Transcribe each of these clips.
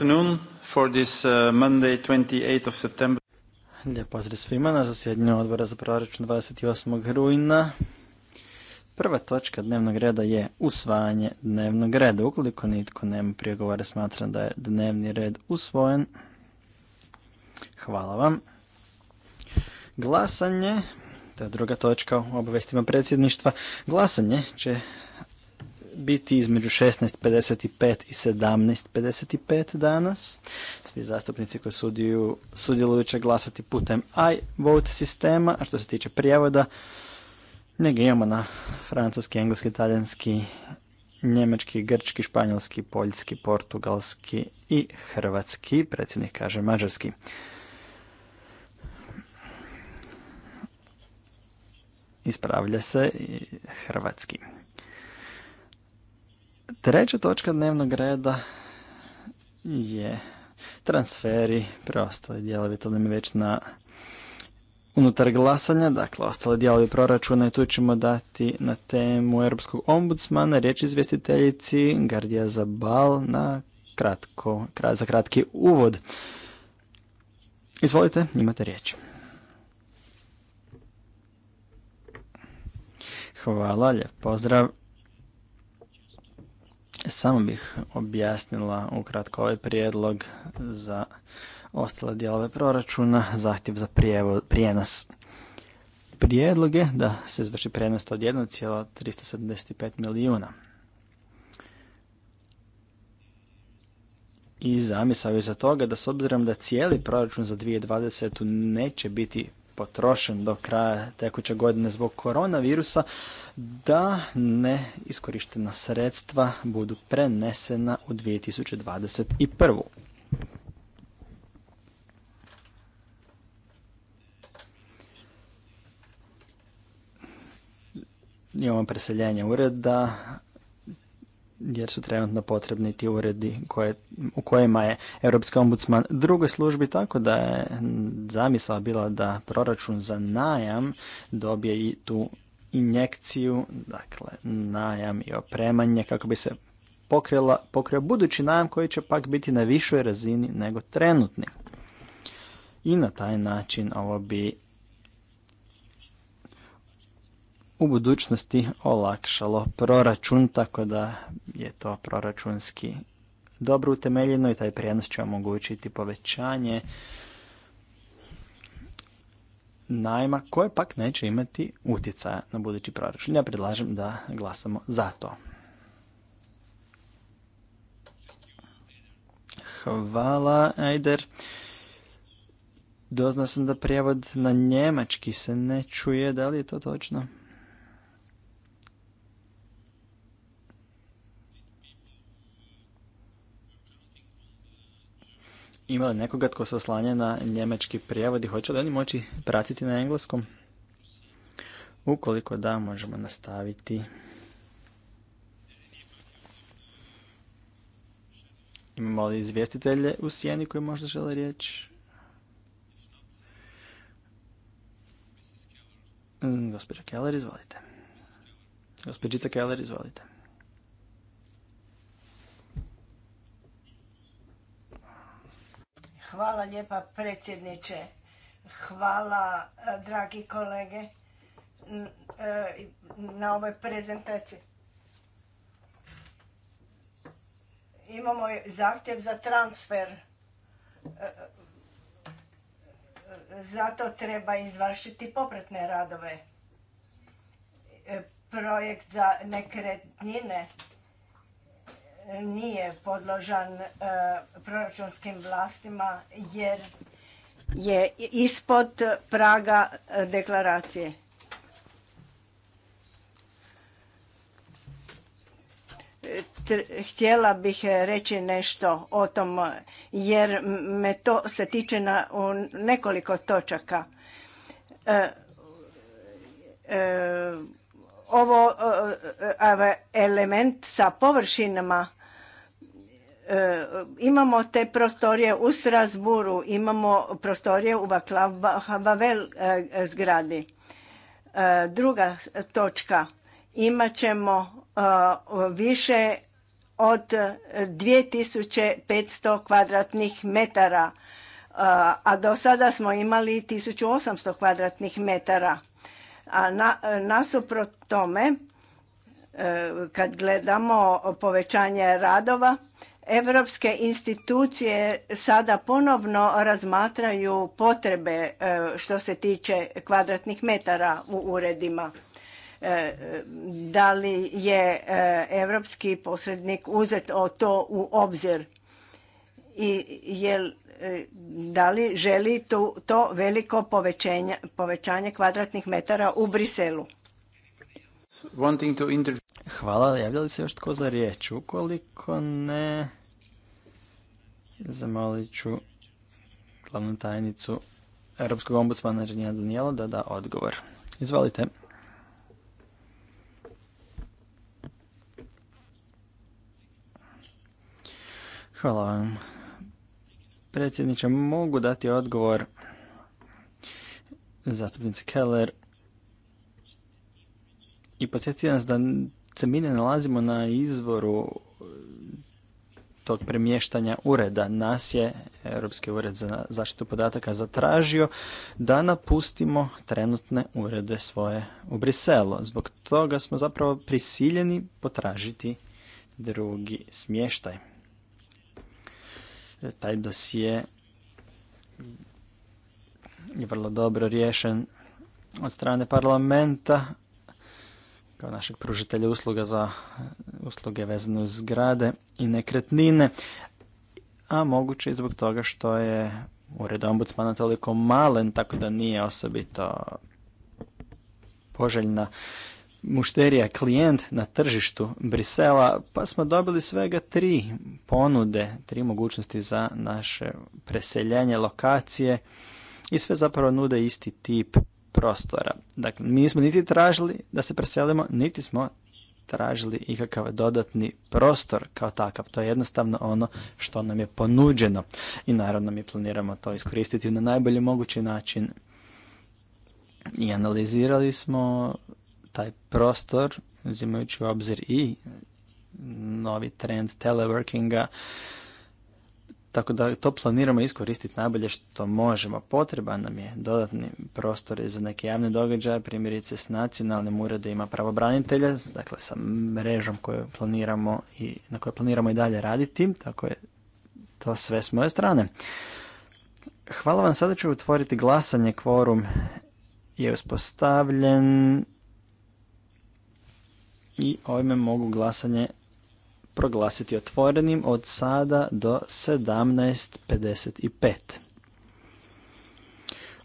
afternoon for this uh, Monday 28 of September. Lijep pozdrav svima na zasjednju odbora za proračun 28. rujna. Prva točka dnevnog reda je usvajanje dnevnog reda. Ukoliko nitko nema prijegovore, smatram da je dnevni red usvojen. Hvala vam. Glasanje, to je druga točka u obavestima predsjedništva, glasanje će biti između 16.55 i 17.55 danas. Svi zastupnici koji sudjeluju će glasati putem iVote sistema, a što se tiče prijevoda, njega imamo na francuski, engleski, talijanski, njemački, grčki, španjolski, poljski, portugalski i hrvatski, predsjednik kaže mađarski. Ispravlja se hrvatski. Treća točka dnevnog reda je transferi, preostali dijelovi, to nam je već na unutar glasanja, dakle ostale dijelovi proračuna i tu ćemo dati na temu Europskog ombudsmana, riječ izvjestiteljici Gardija bal na kratko, za kratki uvod. Izvolite, imate riječ. Hvala, lijep pozdrav. Samo bih objasnila ukratko ovaj prijedlog za ostale dijelove proračuna, zahtjev za prijenos. Prijedlog je da se izvrši prijenos od 1,375 milijuna. I zamisao je za toga da s obzirom da cijeli proračun za 2020. neće biti potrošen do kraja tekuće godine zbog koronavirusa, da ne iskorištena sredstva budu prenesena u 2021. Imamo preseljenje ureda, jer su trenutno potrebni ti uredi koje, u kojima je Europski ombudsman drugoj službi, tako da je zamisla bila da proračun za najam dobije i tu injekciju, dakle najam i opremanje kako bi se pokrila, pokrio budući najam koji će pak biti na višoj razini nego trenutni. I na taj način ovo bi u budućnosti olakšalo proračun, tako da je to proračunski dobro utemeljeno i taj prijenos će omogućiti povećanje najma koje pak neće imati utjecaja na budući proračun. Ja predlažem da glasamo za to. Hvala, Ajder. Doznao sam da prijevod na njemački se ne čuje, da li je to točno? imali nekoga tko se oslanja na njemački prijevod i hoće li oni moći pratiti na engleskom? Ukoliko da, možemo nastaviti. Imamo li izvjestitelje u sjeni koji možda žele riječ? Mm, gospođa Keller, izvolite. Gospođica Keller, izvolite. Hvala lijepa predsjedniče. Hvala eh, dragi kolege eh, na ovoj prezentaciji. Imamo zahtjev za transfer. Eh, zato treba izvršiti popretne radove. Projekt za nekretnine nije podložan e, proračunskim vlastima jer je ispod praga e, deklaracije. Htjela bih e, reći nešto o tom jer me to se tiče na u nekoliko točaka. ovo element sa površinama E, imamo te prostorije u Strasburu, imamo prostorije u Baklabavel e, e, zgradi. Druga točka, imat ćemo više od 2500 kvadratnih metara, a do sada smo imali 1800 kvadratnih metara. A nasuprot tome, kad gledamo povećanje radova, Europske institucije sada ponovno razmatraju potrebe e, što se tiče kvadratnih metara u uredima. E, da li je europski posrednik uzet o to u obzir i jel e, da li želi to, to veliko povećanje kvadratnih metara u Briselu? Hvala, javlja li se još tko za riječ? Ukoliko ne, zamolit ću glavnu tajnicu Europskog ombudsmana Ženija Danijelo da da odgovor. Izvolite. Hvala vam. Predsjedniče, mogu dati odgovor zastupnici Keller i podsjetiti nas da se mi ne nalazimo na izvoru eh, tog premještanja ureda. Nas je Europski ured za zaštitu podataka zatražio da napustimo trenutne urede svoje u Briselu. Zbog toga smo zapravo prisiljeni potražiti drugi smještaj. E, taj dosije je vrlo dobro riješen od strane parlamenta kao našeg pružitelja usluga za usluge vezane uz zgrade i nekretnine, a moguće i zbog toga što je ured ombudsmana toliko malen, tako da nije osobito poželjna mušterija klijent na tržištu Brisela, pa smo dobili svega tri ponude, tri mogućnosti za naše preseljenje lokacije i sve zapravo nude isti tip prostora. Dakle, mi nismo niti tražili da se preselimo, niti smo tražili ikakav dodatni prostor kao takav. To je jednostavno ono što nam je ponuđeno i naravno mi planiramo to iskoristiti na najbolji mogući način. I analizirali smo taj prostor, uzimajući u obzir i novi trend teleworkinga, tako da to planiramo iskoristiti najbolje što možemo. Potreban nam je dodatni prostor za neke javne događaje, primjerice s nacionalnim uredima pravobranitelja, dakle sa mrežom koju planiramo i na kojoj planiramo i dalje raditi, tako je to sve s moje strane. Hvala vam, sada ću otvoriti glasanje, kvorum je uspostavljen i ovime mogu glasanje proglasiti otvorenim od sada do 17.55.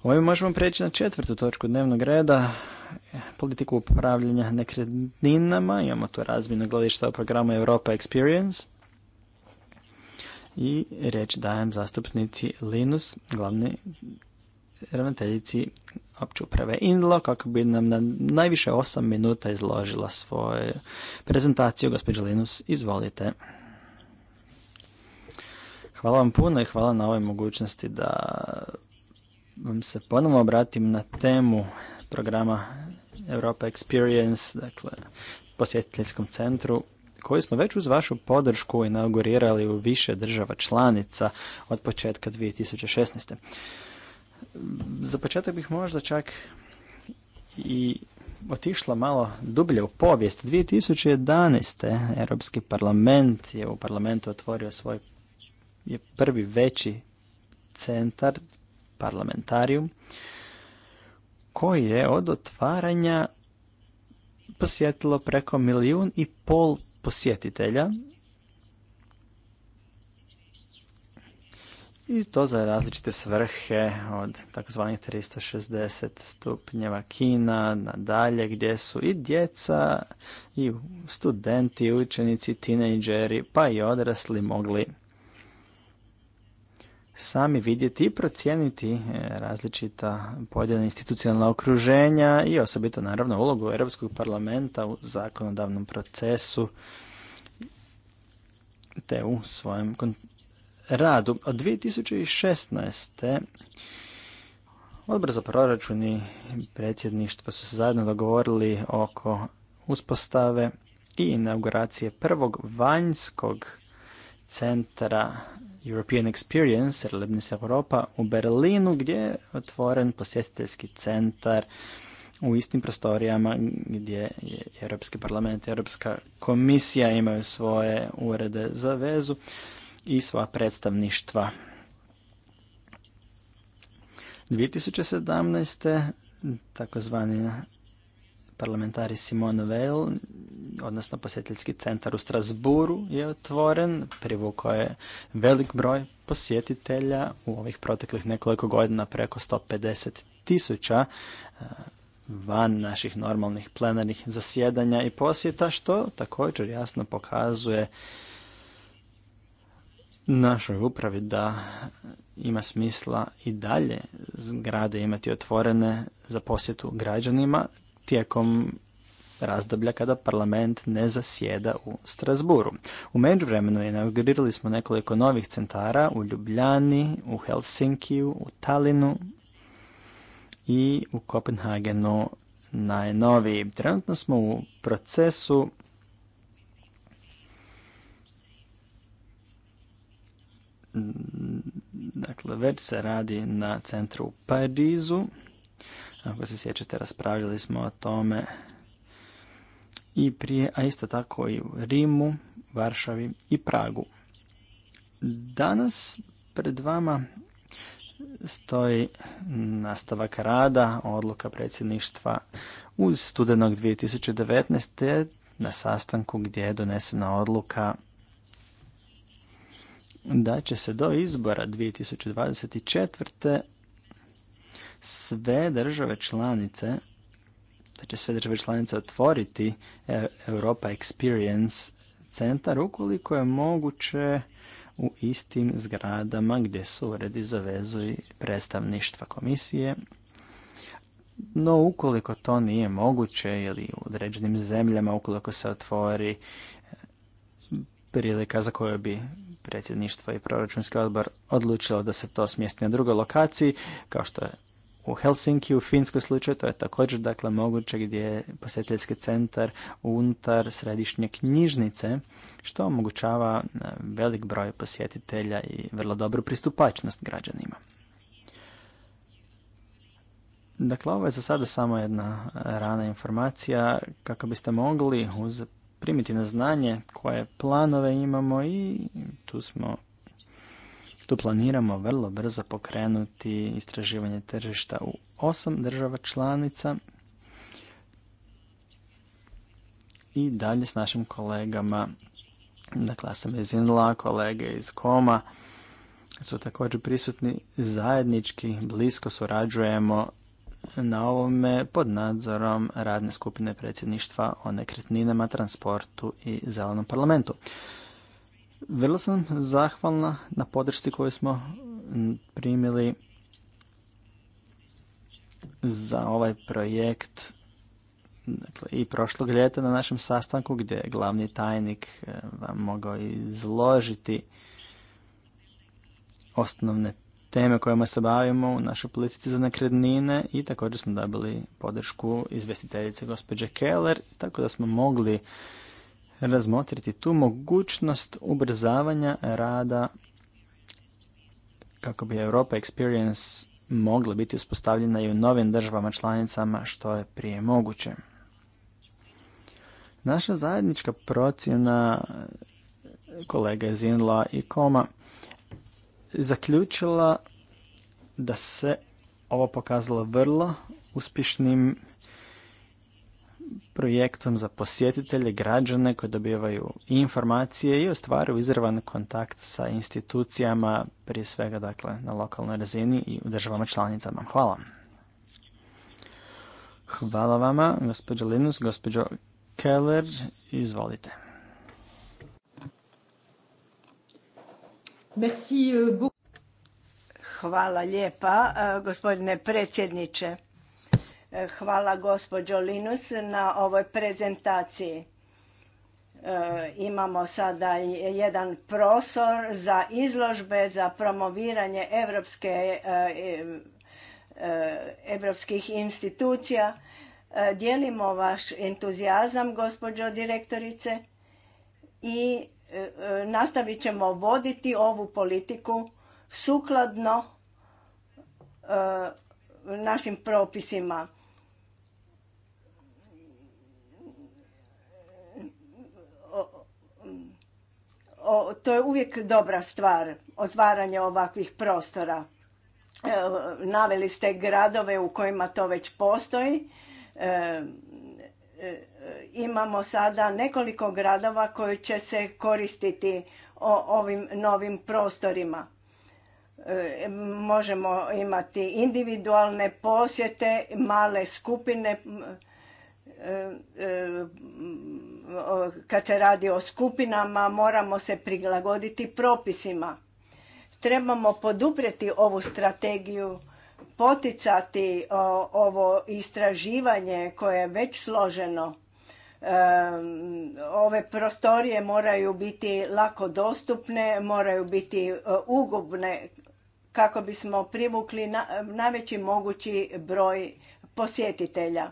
Ovim možemo preći na četvrtu točku dnevnog reda, politiku upravljanja nekretninama. Imamo tu razmjenu gledišta o programu Europa Experience. I riječ dajem zastupnici Linus, glavni ravnateljici opće uprave Indlo kako bi nam na najviše 8 minuta izložila svoju prezentaciju. Gospodin Linus, izvolite. Hvala vam puno i hvala na ovoj mogućnosti da vam se ponovno obratim na temu programa Europa Experience, dakle posjetiteljskom centru koji smo već uz vašu podršku inaugurirali u više država članica od početka 2016. Za početak bih možda čak i otišla malo dublje u povijest. 2011. Europski parlament je u parlamentu otvorio svoj je prvi veći centar parlamentarium, koji je od otvaranja posjetilo preko milijun i pol posjetitelja i to za različite svrhe od takozvanih 360 stupnjeva kina nadalje gdje su i djeca i studenti učenici tinejdžeri pa i odrasli mogli sami vidjeti i procijeniti e, različita podjela institucionalna okruženja i osobito naravno ulogu Europskog parlamenta u zakonodavnom procesu te u svojem radu. Od 2016. Odbor za proračun i predsjedništvo su se zajedno dogovorili oko uspostave i inauguracije prvog vanjskog centra European Experience, Relebnis Europa, u Berlinu gdje je otvoren posjetiteljski centar u istim prostorijama gdje je Europski parlament i Europska komisija imaju svoje urede za vezu i sva predstavništva. 2017. takozvani parlamentari Simone Weil, odnosno posjetiteljski centar u Strasburu je otvoren. Privukao je velik broj posjetitelja u ovih proteklih nekoliko godina preko 150 tisuća eh, van naših normalnih plenarnih zasjedanja i posjeta, što također jasno pokazuje našoj upravi da ima smisla i dalje zgrade imati otvorene za posjetu građanima tijekom razdoblja kada parlament ne zasjeda u Strasburu. U međuvremenu inaugurirali smo nekoliko novih centara u Ljubljani, u Helsinkiju, u Talinu i u Kopenhagenu najnoviji. Trenutno smo u procesu Mm, dakle, već se radi na centru u Parizu. Ako se sjećate, raspravljali smo o tome i prije, a isto tako i u Rimu, Varšavi i Pragu. Danas pred vama stoji nastavak rada odluka predsjedništva uz studenog 2019. na sastanku gdje je donesena odluka da će se do izbora 2024. sve države članice da će sve države članice otvoriti e, Europa Experience centar ukoliko je moguće u istim zgradama gdje su uredi za vezu i predstavništva komisije. No ukoliko to nije moguće ili u određenim zemljama ukoliko se otvori prilika za koju bi predsjedništvo i proračunski odbor odlučilo da se to smjesti na drugoj lokaciji, kao što je u Helsinki, u Finskoj slučaju, to je također dakle moguće gdje je posjetiteljski centar unutar središnje knjižnice, što omogućava e, velik broj posjetitelja i vrlo dobru pristupačnost građanima. Dakle, ovo je za sada samo jedna rana informacija kako biste mogli uz primiti na znanje koje planove imamo i tu smo tu planiramo vrlo brzo pokrenuti istraživanje tržišta u osam država članica i dalje s našim kolegama, dakle ja kolege iz Koma su također prisutni zajednički, blisko surađujemo na ovome pod nadzorom radne skupine predsjedništva o nekretninama, transportu i zelenom parlamentu. Vrlo sam zahvalna na podršci koju smo primili za ovaj projekt dakle, i prošlog ljeta na našem sastanku gdje je glavni tajnik eh, vam mogao izložiti osnovne teme kojima se bavimo u našoj politici za nakrednine i također smo dobili podršku izvestiteljice gospođe Keller, tako da smo mogli razmotriti tu mogućnost ubrzavanja rada kako bi Europa Experience mogla biti uspostavljena i u novim državama članicama što je prije moguće. Naša zajednička procjena kolega iz i Koma zaključila da se ovo pokazalo vrlo uspješnim projektom za posjetitelje, građane koji dobivaju informacije i ostvaruju izravan kontakt sa institucijama, prije svega dakle na lokalnoj razini i u državama članicama. Hvala. Hvala vama, gospođo Linus, gospođo Keller, izvolite. Euh, hvala lijepa, e, gospodine predsjedniče. E, hvala gospođo Linus na ovoj prezentaciji. E, imamo sada jedan prosor za izložbe, za promoviranje evropske, evropskih institucija. Dijelimo vaš entuzijazam, gospođo direktorice, i nastavit ćemo voditi ovu politiku sukladno e, našim propisima. to je uvijek dobra stvar, otvaranje ovakvih prostora. E, naveli ste gradove u kojima to već postoji. E, imamo sada nekoliko gradova koji će se koristiti o ovim novim prostorima. E, možemo imati individualne posjete, male skupine, e, e, kad se radi o skupinama moramo se prilagoditi propisima. Trebamo poduprijeti ovu strategiju, poticati ovo istraživanje koje je već složeno ove prostorije moraju biti lako dostupne, moraju biti e, ugubne kako bismo privukli najveći mogući broj posjetitelja.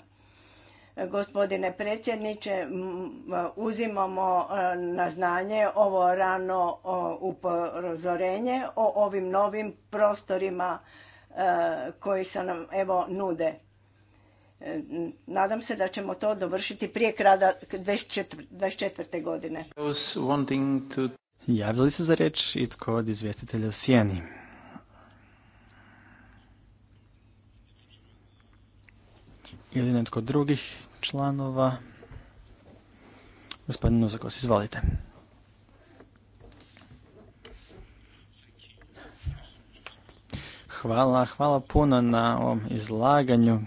Gospodine predsjedniče, uzimamo e, na znanje ovo rano upozorenje o ovim novim prostorima e, koji se nam evo nude. Nadam se da ćemo to dovršiti prije kraja 24. 24. godine. Javili se za reč i tko od izvjestitelja u Sijeni. Ili netko od drugih članova. Gospodin Nuzakos, izvolite. Hvala, hvala puno na ovom izlaganju.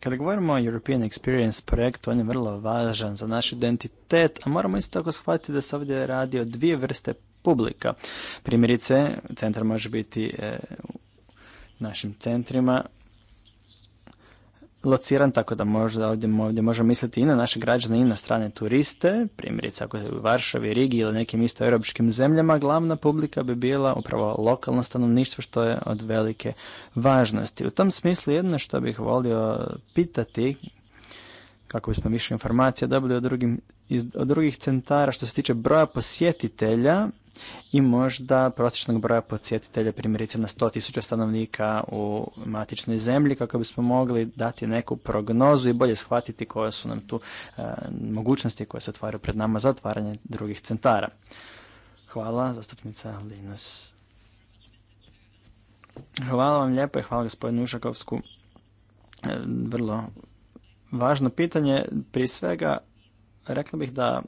Kada govorimo o European Experience projektu, on je vrlo važan za naš identitet, a moramo isto tako shvatiti da se ovdje radi o dvije vrste publika. Primjerice, centar može biti e, u našim centrima lociran, tako da možda ovdje, ovdje možemo misliti i na naše građane i na strane turiste, primjerice ako je u Varšavi, Rigi ili nekim isto europskim zemljama, glavna publika bi bila upravo lokalno stanovništvo što je od velike važnosti. U tom smislu jedno što bih volio pitati, kako bismo više informacija dobili od, od drugih centara što se tiče broja posjetitelja i možda prosječnog broja podsjetitelja primjerice na 100.000 stanovnika u matičnoj zemlji kako bismo mogli dati neku prognozu i bolje shvatiti koje su nam tu e, mogućnosti koje se otvaraju pred nama za otvaranje drugih centara. Hvala, zastupnica Linus. Hvala vam lijepo i hvala gospodinu Ušakovsku. E, vrlo važno pitanje. Prije svega, rekla bih da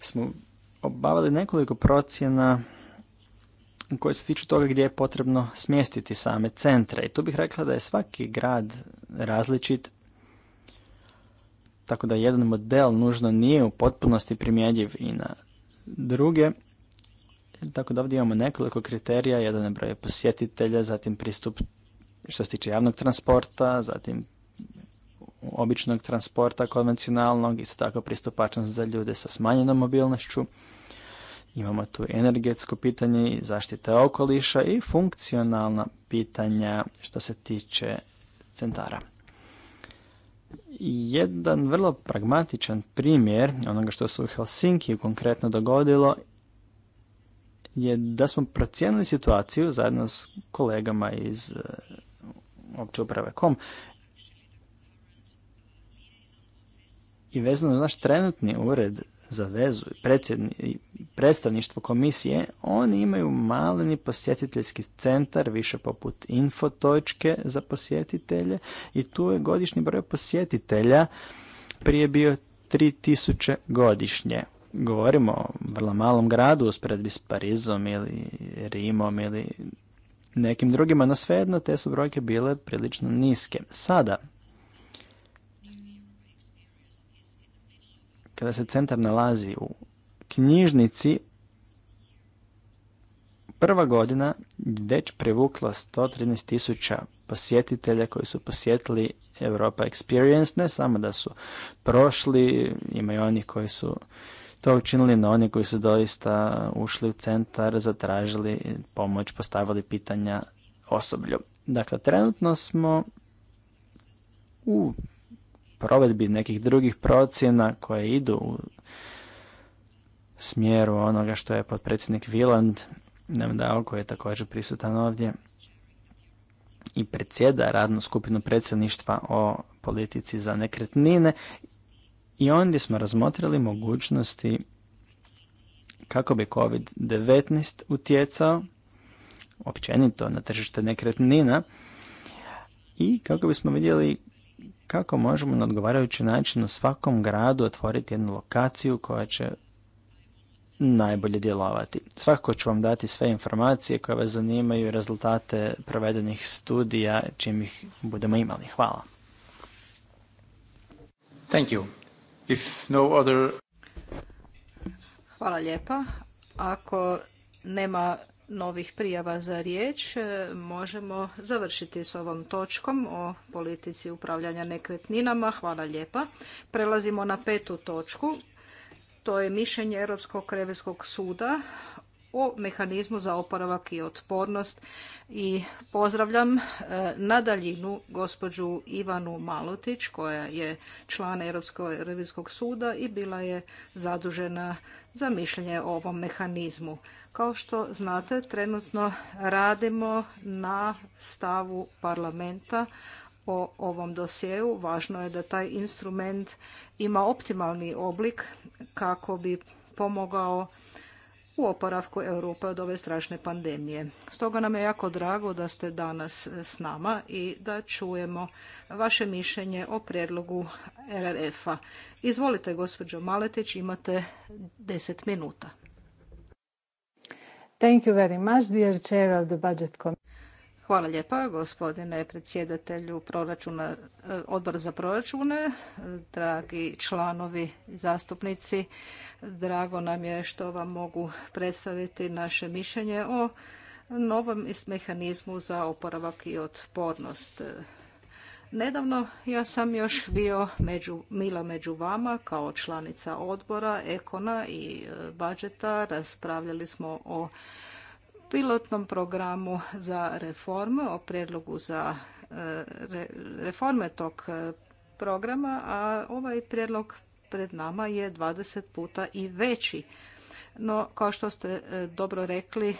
smo obavili nekoliko procjena koje se tiču toga gdje je potrebno smjestiti same centre. I tu bih rekla da je svaki grad različit, tako da jedan model nužno nije u potpunosti primjenjiv i na druge. Tako da ovdje imamo nekoliko kriterija, jedan je broj posjetitelja, zatim pristup što se tiče javnog transporta, zatim običnog transporta konvencionalnog, isto tako pristupačnost za ljude sa smanjenom mobilnošću. Imamo tu energetsko pitanje i zaštite okoliša i funkcionalna pitanja što se tiče centara. Jedan vrlo pragmatičan primjer onoga što se u Helsinki konkretno dogodilo je da smo procijenili situaciju zajedno s kolegama iz eh, opće uprave kom i vezano znaš, naš trenutni ured za vezu i predstavništvo komisije, oni imaju maleni posjetiteljski centar, više poput info točke za posjetitelje i tu je godišnji broj posjetitelja prije bio 3000 godišnje. Govorimo o vrlo malom gradu usporedbi s Parizom ili Rimom ili nekim drugima, no svejedno te su brojke bile prilično niske. Sada, kada se centar nalazi u knjižnici, prva godina već privukla 113 tisuća posjetitelja koji su posjetili Europa Experience, ne samo da su prošli, imaju oni koji su to učinili, no oni koji su doista ušli u centar, zatražili pomoć, postavili pitanja osoblju. Dakle, trenutno smo u provedbi nekih drugih procjena koje idu u smjeru onoga što je potpredsjednik Viland nam dao, koji je također prisutan ovdje i predsjeda radnu skupinu predsjedništva o politici za nekretnine i ondje smo razmotrili mogućnosti kako bi COVID-19 utjecao općenito na tržište nekretnina i kako bismo vidjeli kako možemo na odgovarajući način u svakom gradu otvoriti jednu lokaciju koja će najbolje djelovati. Svakako ću vam dati sve informacije koje vas zanimaju i rezultate provedenih studija čim ih budemo imali. Hvala. Thank you. If no other... Hvala lijepa. Ako nema novih prijava za riječ, e, možemo završiti s ovom točkom o politici upravljanja nekretninama. Hvala lijepa. Prelazimo na petu točku. To je mišljenje Europskog krevetskog suda o mehanizmu za oporavak i otpornost i pozdravljam e, na daljinu gospođu Ivanu Malotić koja je član Europskog revizijskog suda i bila je zadužena za mišljenje o ovom mehanizmu. Kao što znate, trenutno radimo na stavu parlamenta o ovom dosjeu. Važno je da taj instrument ima optimalni oblik kako bi pomogao u oporavku Europe od ove strašne pandemije. Stoga nam je jako drago da ste danas s nama i da čujemo vaše mišljenje o prijedlogu RRF-a. Izvolite, gospođo Maletić, imate 10 minuta. Thank you very much, dear chair of the budget committee. Hvala lijepa gospodine predsjedatelju e, odbora za proračune, dragi članovi zastupnici. Drago nam je što vam mogu predstaviti naše mišljenje o novom mehanizmu za oporavak i otpornost. E, nedavno ja sam još bio među, mila među vama kao članica odbora Ekona i e, bađeta. Raspravljali smo o pilotnom programu za reforme, o prijedlogu za e, reforme tog e, programa, a ovaj prijedlog pred nama je 20 puta i veći. No, kao što ste e, dobro rekli,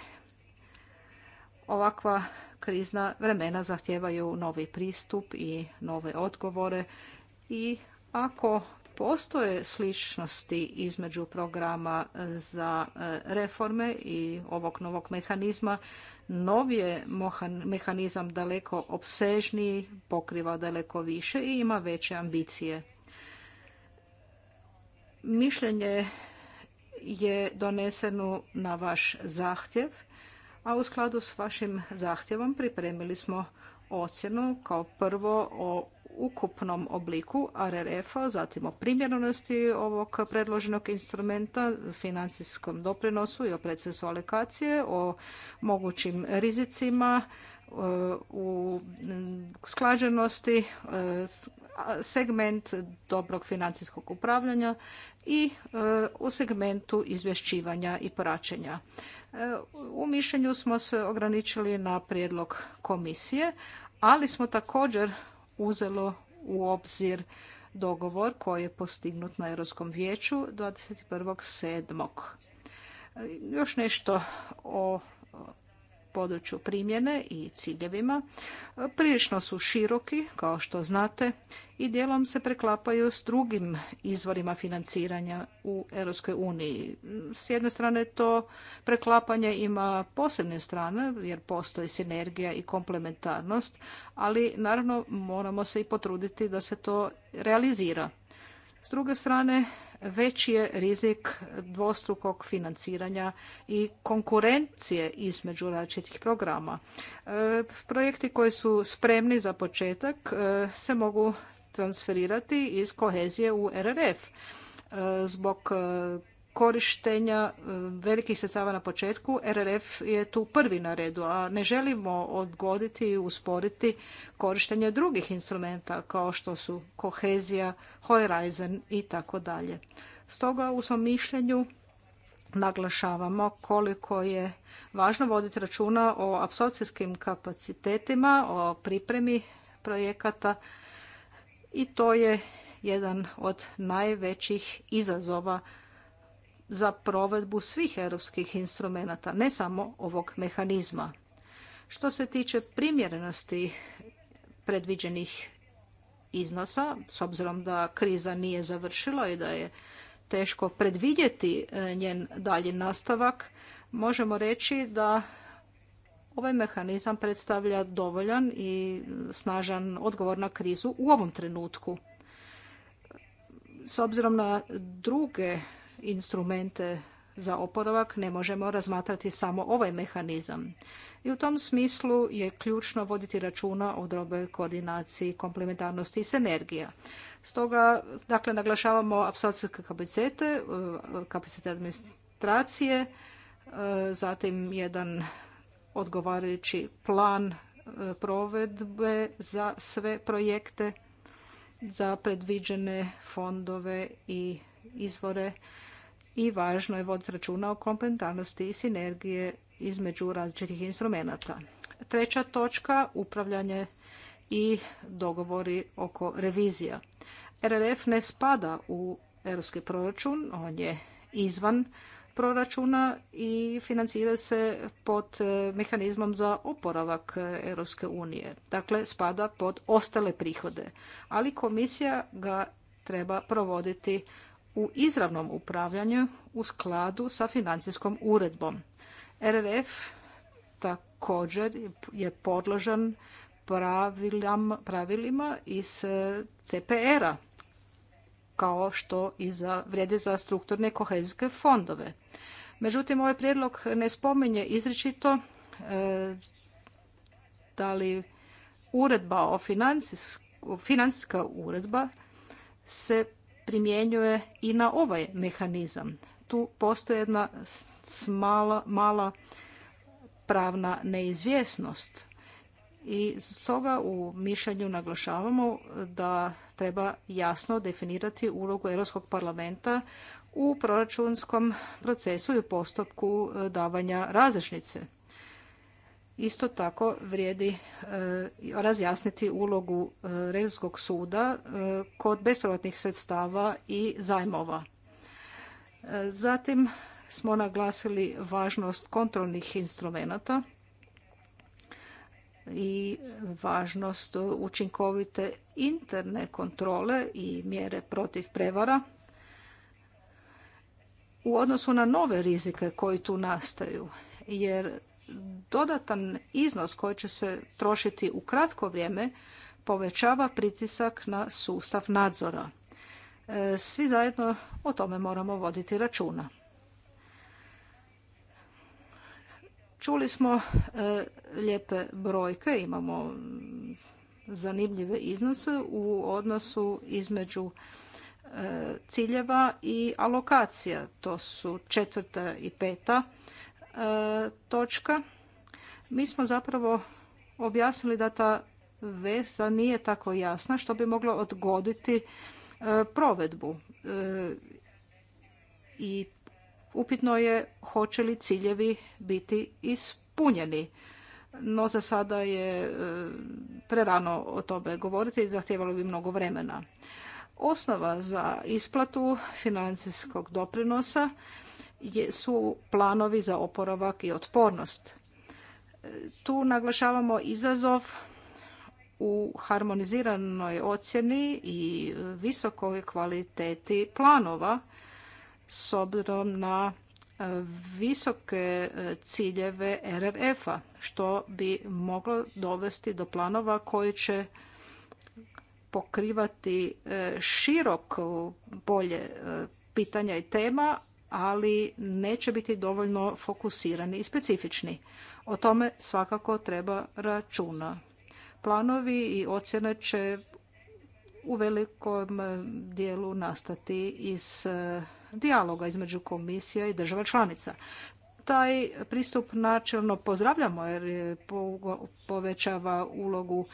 ovakva krizna vremena zahtijevaju novi pristup i nove odgovore i ako postoje sličnosti između programa e, za e, reforme i ovog novog mehanizma. Novi je mehanizam daleko obsežniji, pokriva daleko više i ima veće ambicije. Mišljenje je doneseno na vaš zahtjev, a u skladu s vašim zahtjevom pripremili smo ocjenu kao prvo o ukupnom obliku RRF-a, zatim o primjerenosti ovog predloženog instrumenta, financijskom doprinosu i o procesu alokacije, o mogućim rizicima, e, u sklađenosti, e, segment dobrog financijskog upravljanja i e, u segmentu izvješćivanja i praćenja. U mišljenju smo se ograničili na prijedlog komisije, ali smo također uzelo u obzir dogovor koji je postignut na Europskom vijeću 21.7. Još nešto o području primjene i ciljevima prilično su široki, kao što znate, i dijelom se preklapaju s drugim izvorima financiranja u Europskoj uniji. S jedne strane to preklapanje ima posebne strane jer postoji sinergija i komplementarnost, ali naravno moramo se i potruditi da se to realizira. S druge strane veći je rizik dvostrukog financiranja i konkurencije između različitih programa. E, projekti koji su spremni za početak e, se mogu transferirati iz kohezije u RRF e, zbog korištenja e, velikih sredstava na početku, RRF je tu prvi na redu, a ne želimo odgoditi i usporiti korištenje drugih instrumenta kao što su kohezija, horizon i tako dalje. Stoga u svom mišljenju naglašavamo koliko je važno voditi računa o apsorpcijskim kapacitetima, o pripremi projekata i to je jedan od najvećih izazova za provedbu svih europskih instrumenata, ne samo ovog mehanizma. Što se tiče primjerenosti predviđenih iznosa, s obzirom da kriza nije završila i da je teško predvidjeti e, njen dalji nastavak, možemo reći da ovaj mehanizam predstavlja dovoljan i snažan odgovor na krizu u ovom trenutku s obzirom na druge instrumente za oporavak ne možemo razmatrati samo ovaj mehanizam. I u tom smislu je ključno voditi računa o dobroj koordinaciji, komplementarnosti i sinergija. Stoga, dakle, naglašavamo apsorpcijske kapacitete, kapacitete administracije, e, zatim jedan odgovarajući plan e, provedbe za sve projekte za predviđene fondove i izvore i važno je voditi računa o komplementarnosti i sinergije između različitih instrumenata. Treća točka, upravljanje i dogovori oko revizija. RRF ne spada u europski proračun, on je izvan proračuna i financira se pod e, mehanizmom za oporavak e, Europske unije. Dakle, spada pod ostale prihode. Ali komisija ga treba provoditi u izravnom upravljanju u skladu sa financijskom uredbom. RRF također je podložan pravilima iz e, CPR-a kao što i za vrijede za strukturne kohezijske fondove. Međutim, ovaj prijedlog ne spominje izričito e, da li uredba o financijska uredba se primjenjuje i na ovaj mehanizam. Tu postoji jedna mala mala pravna neizvjesnost. I stoga u mišljenju naglašavamo da treba jasno definirati ulogu Europskog parlamenta u proračunskom procesu i u postupku e, davanja različnice. Isto tako vrijedi e, razjasniti ulogu e, Revizijskog suda kod bespovratnih sredstava i zajmova. Zatim smo naglasili važnost kontrolnih instrumenata i važnost učinkovite interne kontrole i mjere protiv prevara u odnosu na nove rizike koji tu nastaju. Jer dodatan iznos koji će se trošiti u kratko vrijeme povećava pritisak na sustav nadzora. E, svi zajedno o tome moramo voditi računa. Čuli smo e, lijepe brojke, imamo mm, zanimljive iznose u odnosu između e, ciljeva i alokacija. To su četvrta i peta e, točka. Mi smo zapravo objasnili da ta veza nije tako jasna što bi moglo odgoditi provedbu. I upitno je hoće li ciljevi biti ispunjeni. No za sada je e, prerano o tome govoriti i zahtjevalo bi mnogo vremena. Osnova za isplatu financijskog doprinosa su planovi za oporavak i otpornost. E, tu naglašavamo izazov u harmoniziranoj ocjeni i visokoj kvaliteti planova s obzirom na e, visoke e, ciljeve RRF-a, što bi moglo dovesti do planova koji će pokrivati e, široko bolje pitanja i tema, ali neće biti dovoljno fokusirani i specifični. O tome svakako treba računa. Planovi i ocjene će u velikom dijelu nastati iz dijaloga između komisija i država članica. Taj pristup načelno pozdravljamo jer povećava ulogu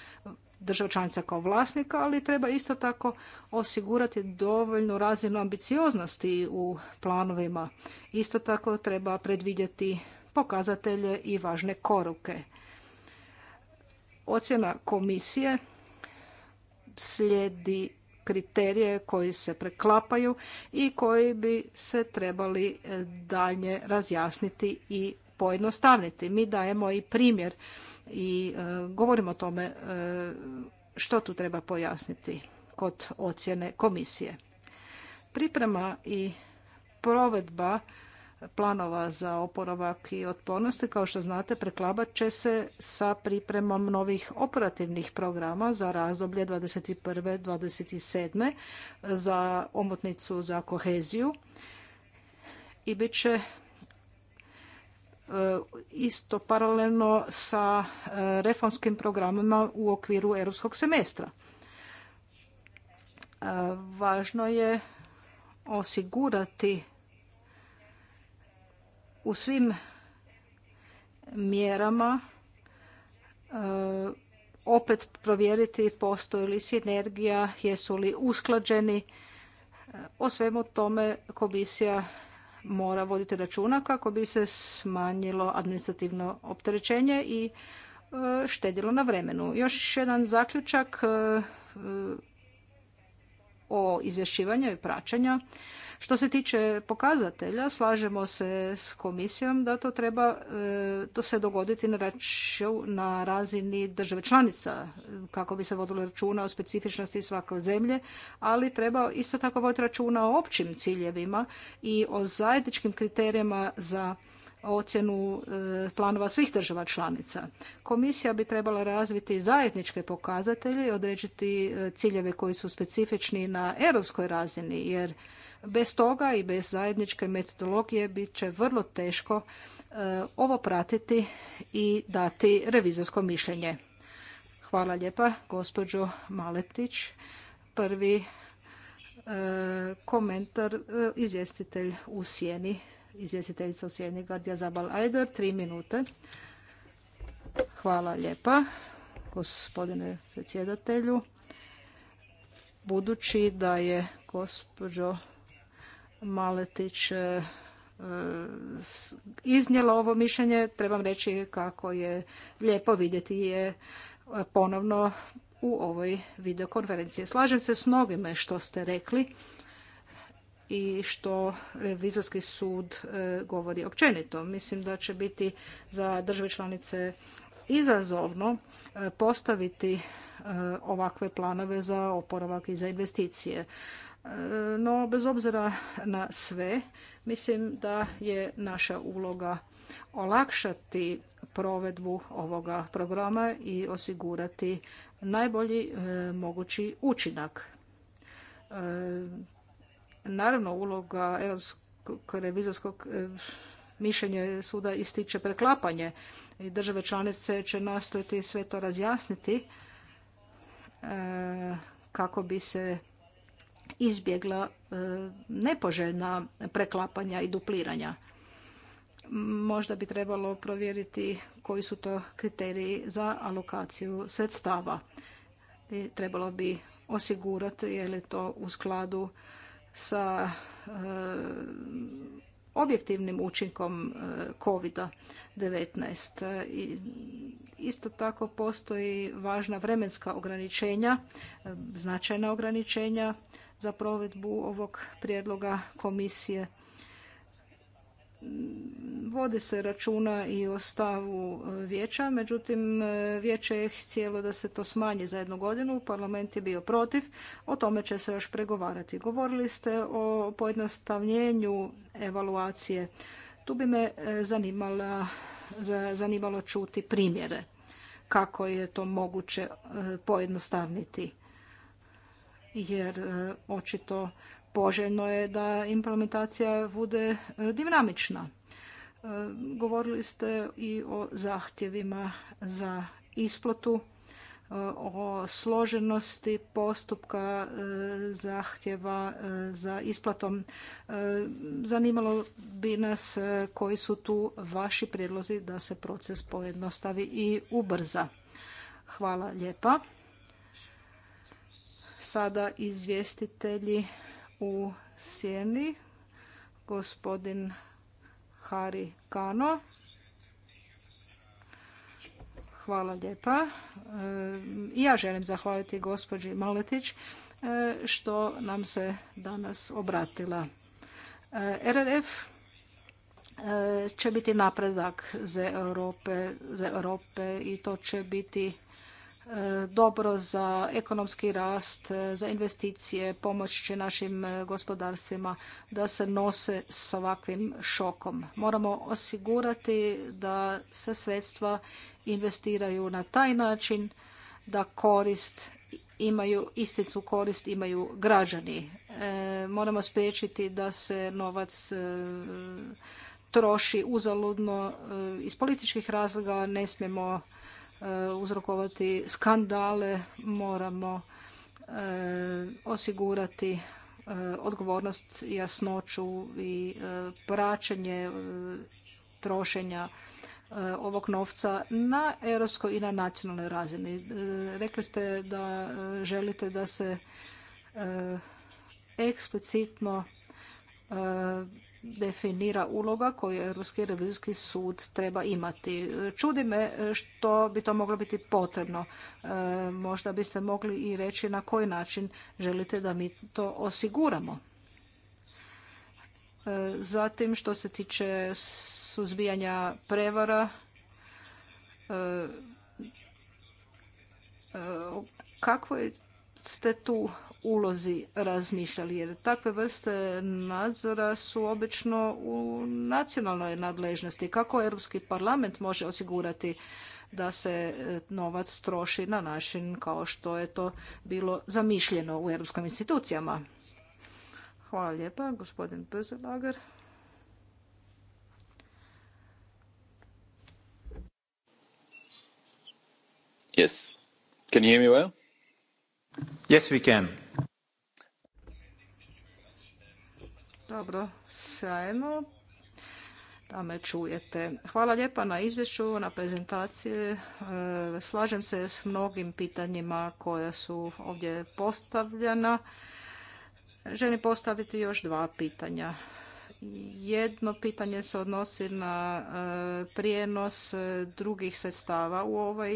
država članica kao vlasnika, ali treba isto tako osigurati dovoljnu razinu ambicioznosti u planovima. Isto tako treba predvidjeti pokazatelje i važne koruke. Ocjena komisije slijedi kriterije koji se preklapaju i koji bi se trebali e, dalje razjasniti i pojednostavniti. Mi dajemo i primjer i e, govorimo o tome e, što tu treba pojasniti kod ocjene komisije. Priprema i provedba planova za oporavak i otpornosti, kao što znate, preklabat će se sa pripremom novih operativnih programa za razdoblje 21. 2027. za omotnicu za koheziju i bit će e, isto paralelno sa e, reformskim programima u okviru europskog semestra. E, važno je osigurati u svim mjerama e, opet provjeriti postoji li sinergija, jesu li usklađeni. E, o svemu tome komisija mora voditi računa kako bi se smanjilo administrativno opterećenje i e, štedilo na vremenu. Još jedan zaključak o izvješćivanju i praćenja. Što se tiče pokazatelja, slažemo se s komisijom da to treba e, to se dogoditi na, na razini države članica kako bi se vodilo računa o specifičnosti svake zemlje, ali treba isto tako voditi računa o općim ciljevima i o zajedničkim kriterijima za ocjenu e, planova svih država članica. Komisija bi trebala razviti zajedničke pokazatelje i određiti e, ciljeve koji su specifični na europskoj razini, jer Bez toga i bez zajedničke metodologije bit će vrlo teško e, ovo pratiti i dati revizorsko mišljenje. Hvala lijepa, gospođo Maletić. Prvi e, komentar e, izvjestitelj u sjeni, izvjestiteljica u sjeni Gardija Zabal Ajder, tri minute. Hvala lijepa, gospodine predsjedatelju. Budući da je gospođo Maletić e, e, iznijela ovo mišljenje, trebam reći kako je lijepo vidjeti je e, ponovno u ovoj videokonferenciji. Slažem se s mnogime što ste rekli i što revizorski sud govori općenito. Mislim da će biti za države članice izazovno postaviti ovakve planove za oporavak i za investicije. No, bez obzira na sve, mislim da je naša uloga olakšati provedbu ovoga programa i osigurati najbolji e, mogući učinak. E, naravno, uloga Europskog revizorskog e, mišljenje suda ističe preklapanje i države članice će nastojati sve to razjasniti kako bi se izbjegla e, nepoželjna preklapanja i dupliranja. Možda bi trebalo provjeriti koji su to kriteriji za alokaciju sredstava. Trebalo bi osigurati je li to u skladu sa e, objektivnim učinkom e, COVID-19. Isto tako postoji važna vremenska ograničenja, značajna ograničenja za provedbu ovog prijedloga komisije. Vodi se računa i o stavu e, vijeća, međutim e, vijeće je htjelo da se to smanji za jednu godinu, parlament je bio protiv, o tome će se još pregovarati. Govorili ste o pojednostavljenju evaluacije. Tu bi me e, zanimala, zanimalo čuti primjere kako je to moguće pojednostavniti jer e, očito poželjno je da implementacija bude e, dinamična. E, govorili ste i o zahtjevima za isplatu, o složenosti postupka zahtjeva za isplatom. Zanimalo bi nas koji su tu vaši prijedlozi da se proces pojednostavi i ubrza. Hvala lijepa sada izvjestitelji u sjeni, gospodin Hari Kano. Hvala lijepa. E, ja želim zahvaliti gospođi Maletić e, što nam se danas obratila. E, RRF će biti napredak za Europe, za Europe i to će biti dobro za ekonomski rast, za investicije, pomoć će našim gospodarstvima da se nose s ovakvim šokom. Moramo osigurati da se sredstva investiraju na taj način da korist imaju, isticu korist imaju građani. E, moramo spriječiti da se novac e, troši uzaludno e, iz političkih razloga, ne smijemo Eh, uzrokovati skandale, moramo eh, osigurati eh, odgovornost, jasnoću i praćenje trošenja ovog novca na europskoj i na nacionalnoj razini. Rekli ste da želite da se eksplicitno definira uloga koju Europski revizijski sud treba imati. Čudi me što bi to moglo biti potrebno. E, možda biste mogli i reći na koji način želite da mi to osiguramo. E, zatim što se tiče suzbijanja prevara, e, kako ste tu ulozi razmišljali jer takve vrste nadzora su obično u nacionalnoj nadležnosti. Kako Europski parlament može osigurati da se e, novac troši na način kao što je to bilo zamišljeno u europskim institucijama? Hvala lijepa, gospodin Pözelager. Yes. Can you hear me well? Yes, we can. Dobro, sajmo. Da me čujete. Hvala lijepa na izvješću, na prezentaciji. E, slažem se s mnogim pitanjima koja su ovdje postavljena. Želim postaviti još dva pitanja. Jedno pitanje se odnosi na e, prijenos e, drugih sredstava u ovaj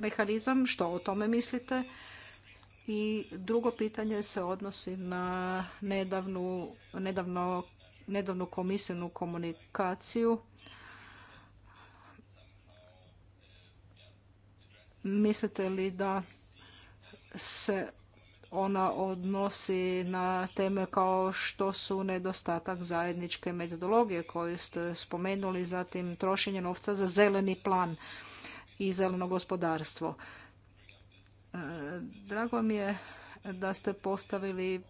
mehanizam. Što o tome mislite? I drugo pitanje se odnosi na nedavnu, nedavno, nedavnu komisijnu komunikaciju. Mislite li da se ona odnosi na teme kao što su nedostatak zajedničke metodologije koju ste spomenuli, zatim trošenje novca za zeleni plan i zeleno gospodarstvo. Drago mi je da ste postavili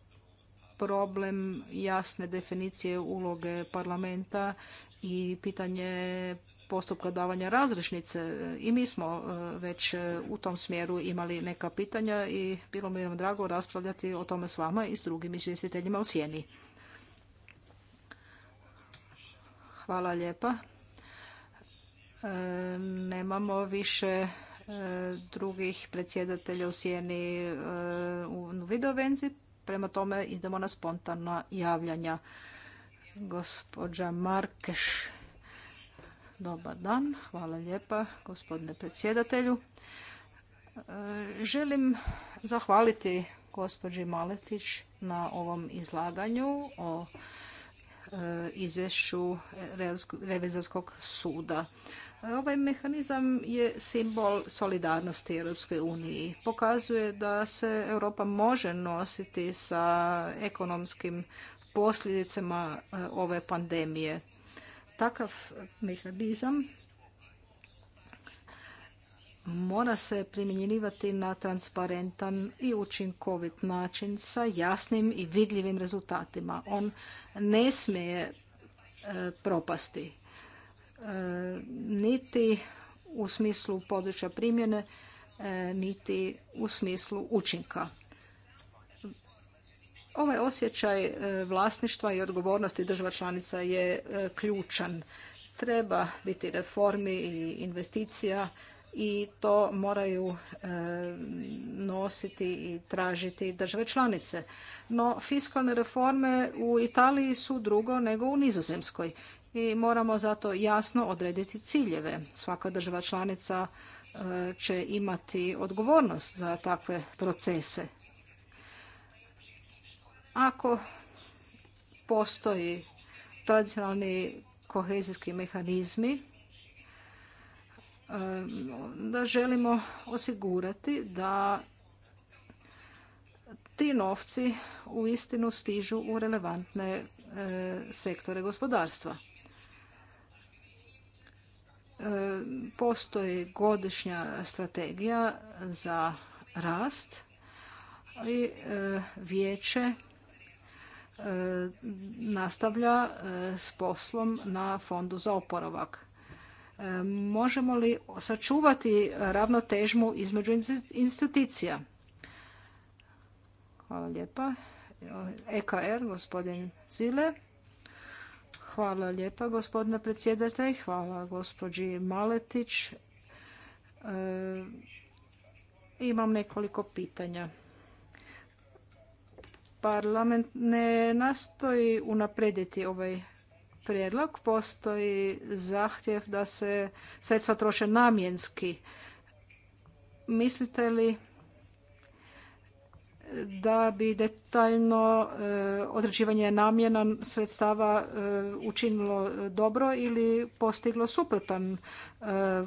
problem jasne definicije uloge parlamenta i pitanje postupka davanja razrešnice. I mi smo e, već e, u tom smjeru imali neka pitanja i bilo mi je nam drago raspravljati o tome s vama i s drugim izvjestiteljima u sjeni. Hvala lijepa. E, nemamo više E, drugih predsjedatelja u sjeni e, u videovenzi. Prema tome idemo na spontana javljanja. Gospođa Markeš. Dobar dan. Hvala lijepa gospodine predsjedatelju. E, želim zahvaliti gospođi Maletić na ovom izlaganju o izvješću Revizorskog suda. Ovaj mehanizam je simbol solidarnosti Europske unije. Pokazuje da se Europa može nositi sa ekonomskim posljedicama eh, ove pandemije. Takav mehanizam mora se primjenjivati na transparentan i učinkovit način sa jasnim i vidljivim rezultatima. On ne smije eh, propasti E, niti u smislu područja primjene, e, niti u smislu učinka. Ovaj osjećaj e, vlasništva i odgovornosti država članica je ključan. Treba biti reformi i investicija i to moraju nositi i tražiti države članice. No fiskalne reforme u Italiji su drugo nego u Nizozemskoj i moramo zato jasno odrediti ciljeve. Svaka država članica e, će imati odgovornost za takve procese. Ako postoji tradicionalni kohezijski mehanizmi, e, da želimo osigurati da ti novci u istinu stižu u relevantne e, sektore gospodarstva. E, postoji godišnja strategija za rast i e, vijeće e, nastavlja s poslom na fondu za oporavak. Možemo li sačuvati ravnotežmu između institucija? Hvala lijepa. EKR, gospodin Zile. Hvala lijepa gospodine predsjedatelj, hvala gospođi Maletić. E, imam nekoliko pitanja. Parlament ne nastoji unaprediti ovaj prijedlog. Postoji zahtjev da se sredstva troše namjenski. Mislite li da bi detaljno e, određivanje namjena sredstava e, učinilo dobro ili postiglo suprotan e,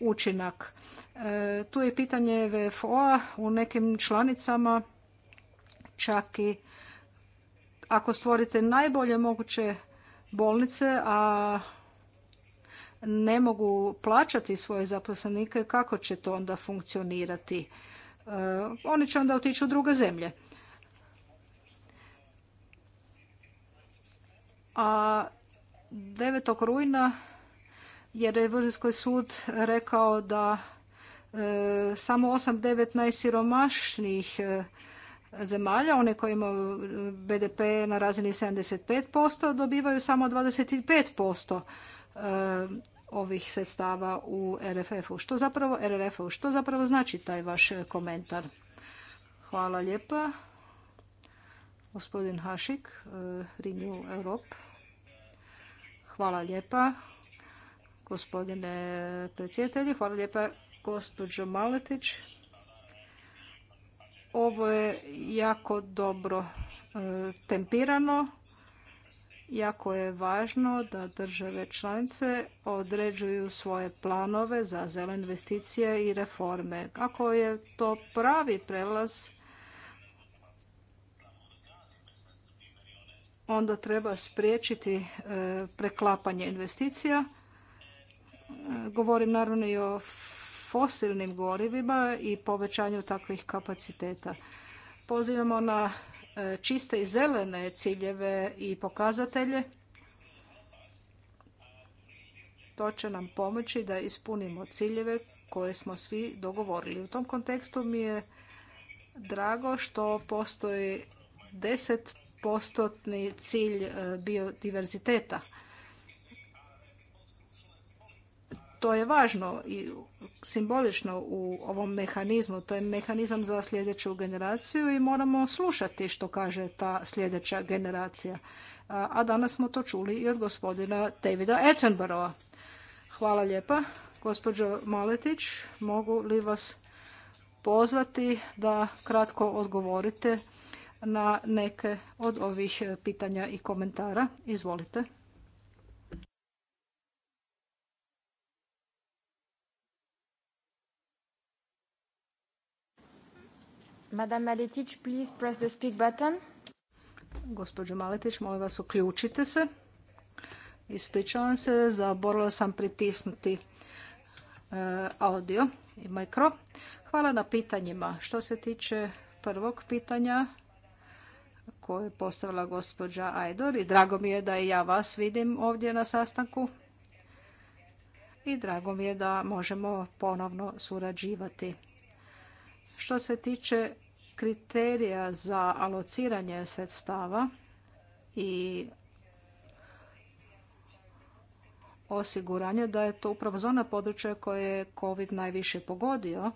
učinak. Tu je pitanje VFO-a u nekim članicama čak i ako stvorite najbolje moguće bolnice, a ne mogu plaćati svoje zaposlenike, kako će to onda funkcionirati? Eh, oni će onda otići u druge zemlje. A 9. rujna je Revizijski sud rekao da e, samo 8-9 najsiromašnijih e, zemalja, one koje imaju BDP na razini 75%, dobivaju samo 25% ovih sredstava u RFF-u. Što zapravo RRF-u? Što zapravo znači taj vaš komentar? Hvala lijepa. Gospodin Hašik, eh, Renew Europe. Hvala lijepa gospodine predsjedatelji. Hvala lijepa gospođo Maletić. Ovo je jako dobro eh, tempirano Jako je važno da države članice određuju svoje planove za zelene investicije i reforme. Ako je to pravi prelaz, onda treba spriječiti e, preklapanje investicija. E, govorim naravno i o fosilnim gorivima i povećanju takvih kapaciteta. Pozivamo na E, čiste i zelene ciljeve i pokazatelje. To će nam pomoći da ispunimo ciljeve koje smo svi dogovorili. U tom kontekstu mi je drago što postoji 10% postotni cilj e, biodiverziteta to je važno i simbolično u ovom mehanizmu. To je mehanizam za sljedeću generaciju i moramo slušati što kaže ta sljedeća generacija. A danas smo to čuli i od gospodina Davida Attenborougha. Hvala lijepa. Gospođo Maletić, mogu li vas pozvati da kratko odgovorite na neke od ovih pitanja i komentara? Izvolite. Madame Maletić, Gospođo Maletić, molim vas uključite se. Ispričavam se, zaborila sam pritisnuti e, audio i mikro. Hvala na pitanjima. Što se tiče prvog pitanja koje je postavila gospođa Ajdor i drago mi je da i ja vas vidim ovdje na sastanku i drago mi je da možemo ponovno surađivati. Što se tiče kriterija za alociranje sredstava i osiguranje da je to upravo zona područja koje je COVID najviše pogodio,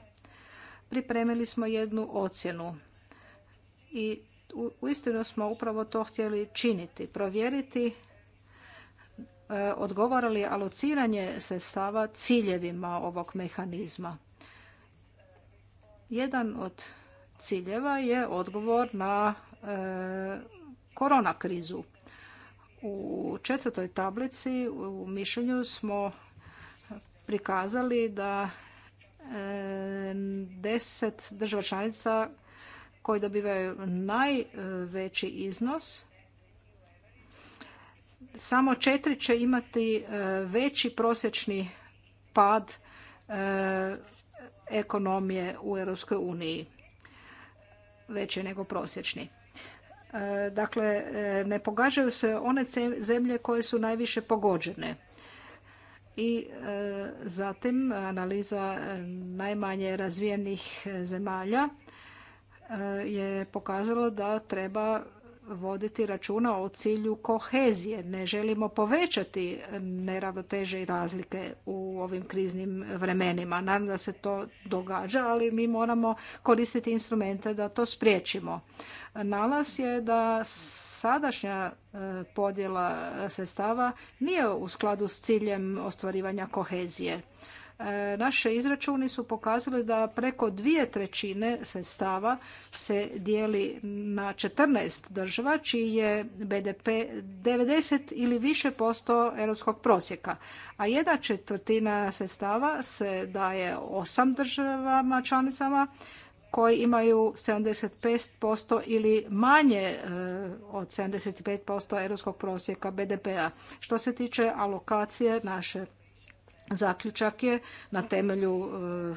pripremili smo jednu ocjenu i uistinu smo upravo to htjeli činiti, provjeriti e, odgovara li alociranje sredstava ciljevima ovog mehanizma. Jedan od ciljeva je odgovor na e, korona krizu. U četvrtoj tablici u mišljenju smo prikazali da e, deset država članica koji dobivaju najveći iznos, samo četiri će imati e, veći prosječni pad ekonomije u Europskoj uniji veći nego prosječni. E, dakle, e, ne pogađaju se one zemlje koje su najviše pogođene. I e, zatim analiza najmanje razvijenih zemalja je pokazalo da treba voditi računa o cilju kohezije. Ne želimo povećati neravnoteže i razlike u ovim kriznim vremenima. Naravno da se to događa, ali mi moramo koristiti instrumente da to spriječimo. Nalaz je da sadašnja e, podjela sredstava nije u skladu s ciljem ostvarivanja kohezije naše izračuni su pokazali da preko dvije trećine sredstava se dijeli na 14 država čiji je BDP 90 ili više posto europskog prosjeka, a jedna četvrtina sredstava se daje osam državama članicama koji imaju 75% ili manje e, od 75% europskog prosjeka BDP-a. Što se tiče alokacije naše Zaključak je na temelju e,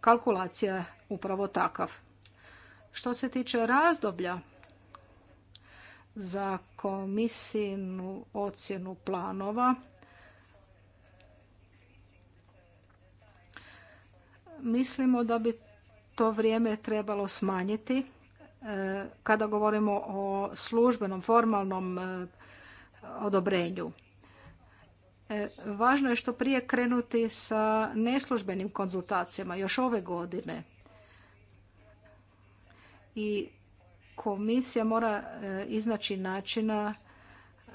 kalkulacija upravo takav. Što se tiče razdoblja za komisijnu ocjenu planova, mislimo da bi to vrijeme trebalo smanjiti e, kada govorimo o službenom, formalnom e, odobrenju. E, važno je što prije krenuti sa neslužbenim konzultacijama još ove godine. I komisija mora e, iznaći načina e,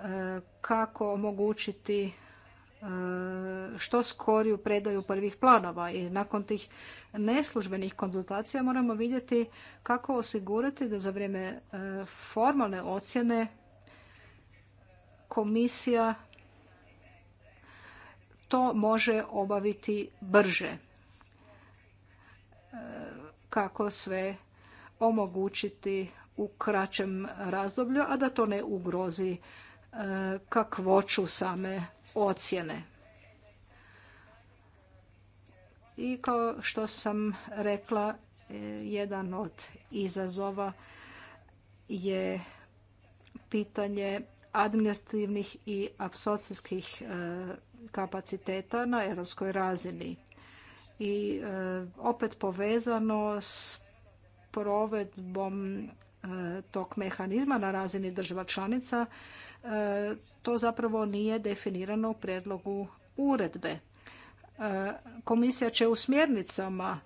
kako omogućiti što skoriju predaju prvih planova i nakon tih neslužbenih konzultacija moramo vidjeti kako osigurati da za vrijeme formalne ocjene komisija to može obaviti brže e, kako sve omogućiti u kraćem razdoblju, a da to ne ugrozi e, kakvoću same ocjene. I kao što sam rekla, e, jedan od izazova je pitanje administrativnih i apsorcijskih e, kapaciteta na europskoj razini i e, opet povezano s provedbom e, tog mehanizma na razini država članica, to zapravo nije definirano u predlogu uredbe. Komisija će u smjernicama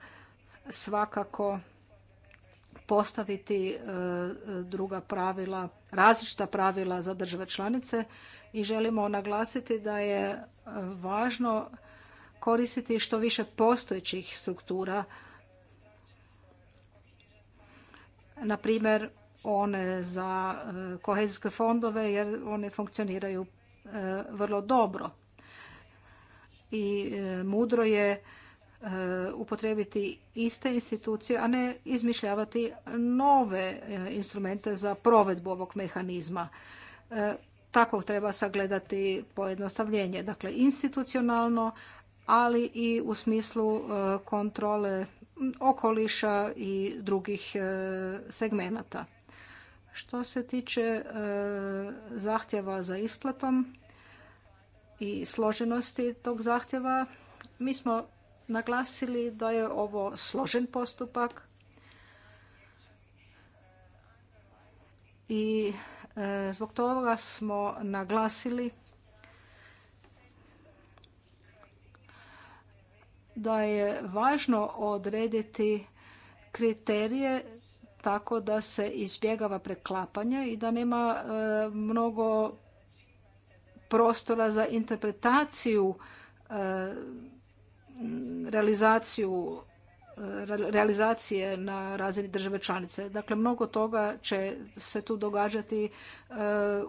svakako postaviti e, druga pravila, različita pravila za države članice i želimo naglasiti da je e, važno koristiti što više postojećih struktura, na primjer one za e, kohezijske fondove jer one funkcioniraju vrlo dobro i mudro je Eh, upotrijebiti iste institucije, a ne izmišljavati nove eh, instrumente za provedbu ovog mehanizma. Eh, tako treba sagledati pojednostavljenje, dakle institucionalno, ali i u smislu kontrole okoliša i drugih segmenata. Što se tiče zahtjeva za isplatom i složenosti tog zahtjeva, mi smo naglasili da je ovo složen postupak i e, zbog toga smo naglasili da je važno odrediti kriterije tako da se izbjegava preklapanje i da nema e, mnogo prostora za interpretaciju e, realizaciju e, realizacije na razini države članice. Dakle, mnogo toga će se tu događati e,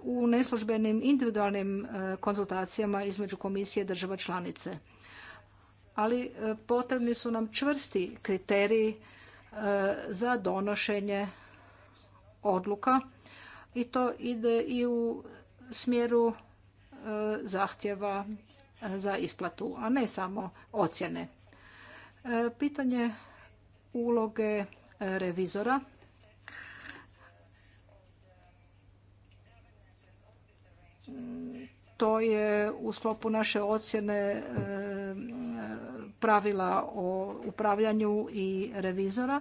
u neslužbenim individualnim e, konzultacijama između komisije država članice. Ali potrebni su nam čvrsti kriteriji za donošenje odluka i to ide i u smjeru zahtjeva za isplatu, a ne samo ocjene. E, pitanje uloge e, revizora to je u sklopu naše ocjene e, pravila o upravljanju i revizora.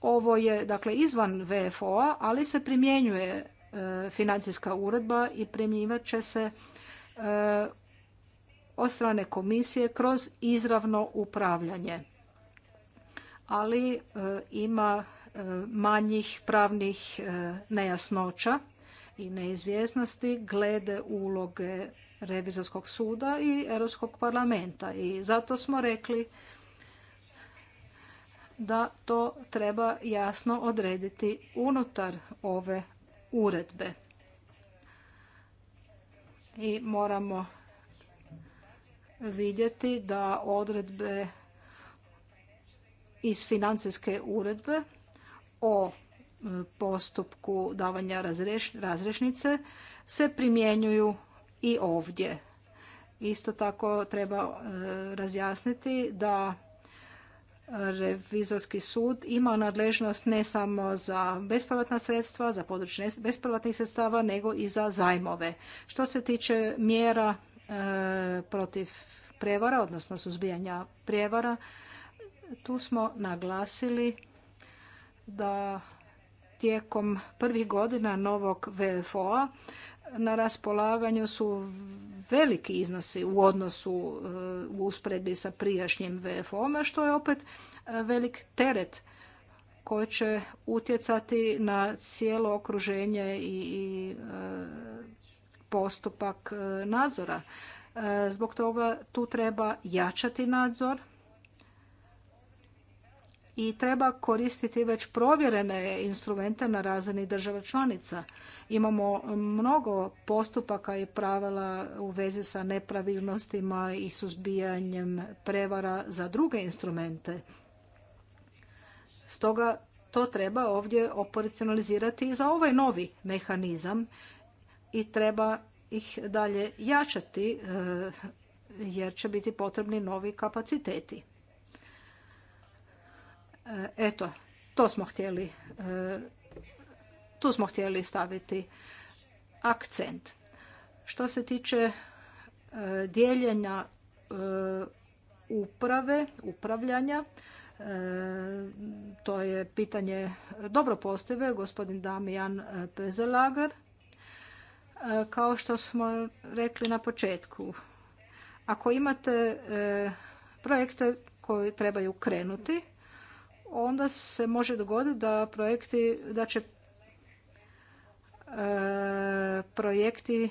Ovo je dakle izvan VFO-a, ali se primjenjuje financijska uredba i primjenjivat će se od strane komisije kroz izravno upravljanje. Ali e, ima e, manjih pravnih e, nejasnoća i neizvjesnosti glede uloge Revizorskog suda i Europskog parlamenta. I zato smo rekli da to treba jasno odrediti unutar ove uredbe. I moramo vidjeti da odredbe iz financijske uredbe o e, postupku davanja razrešnice se primjenjuju i ovdje. Isto tako treba e, razjasniti da revizorski sud ima nadležnost ne samo za bespovratna sredstva, za područje bespovratnih sredstava, nego i za zajmove. Što se tiče mjera E, protiv prevara, odnosno suzbijanja prijevara. Tu smo naglasili da tijekom prvih godina novog VFO-a na raspolaganju su veliki iznosi u odnosu e, u usporedbi sa prijašnjim VFO-om, što je opet e, velik teret koji će utjecati na cijelo okruženje i postupak e, nadzora. E, zbog toga tu treba jačati nadzor i treba koristiti već provjerene instrumente na razini država članica. Imamo mnogo postupaka i pravila u vezi sa nepravilnostima i suzbijanjem prevara za druge instrumente. Stoga to treba ovdje operacionalizirati i za ovaj novi mehanizam i treba ih dalje jačati e, jer će biti potrebni novi kapaciteti. E, eto, to smo htjeli, e, tu smo htjeli staviti akcent. Što se tiče dijeljenja uprave, upravljanja, to je pitanje dobro postave, gospodin Damijan Pezelager kao što smo rekli na početku. Ako imate e, projekte koji trebaju krenuti, onda se može dogoditi da projekti, da će e, projekti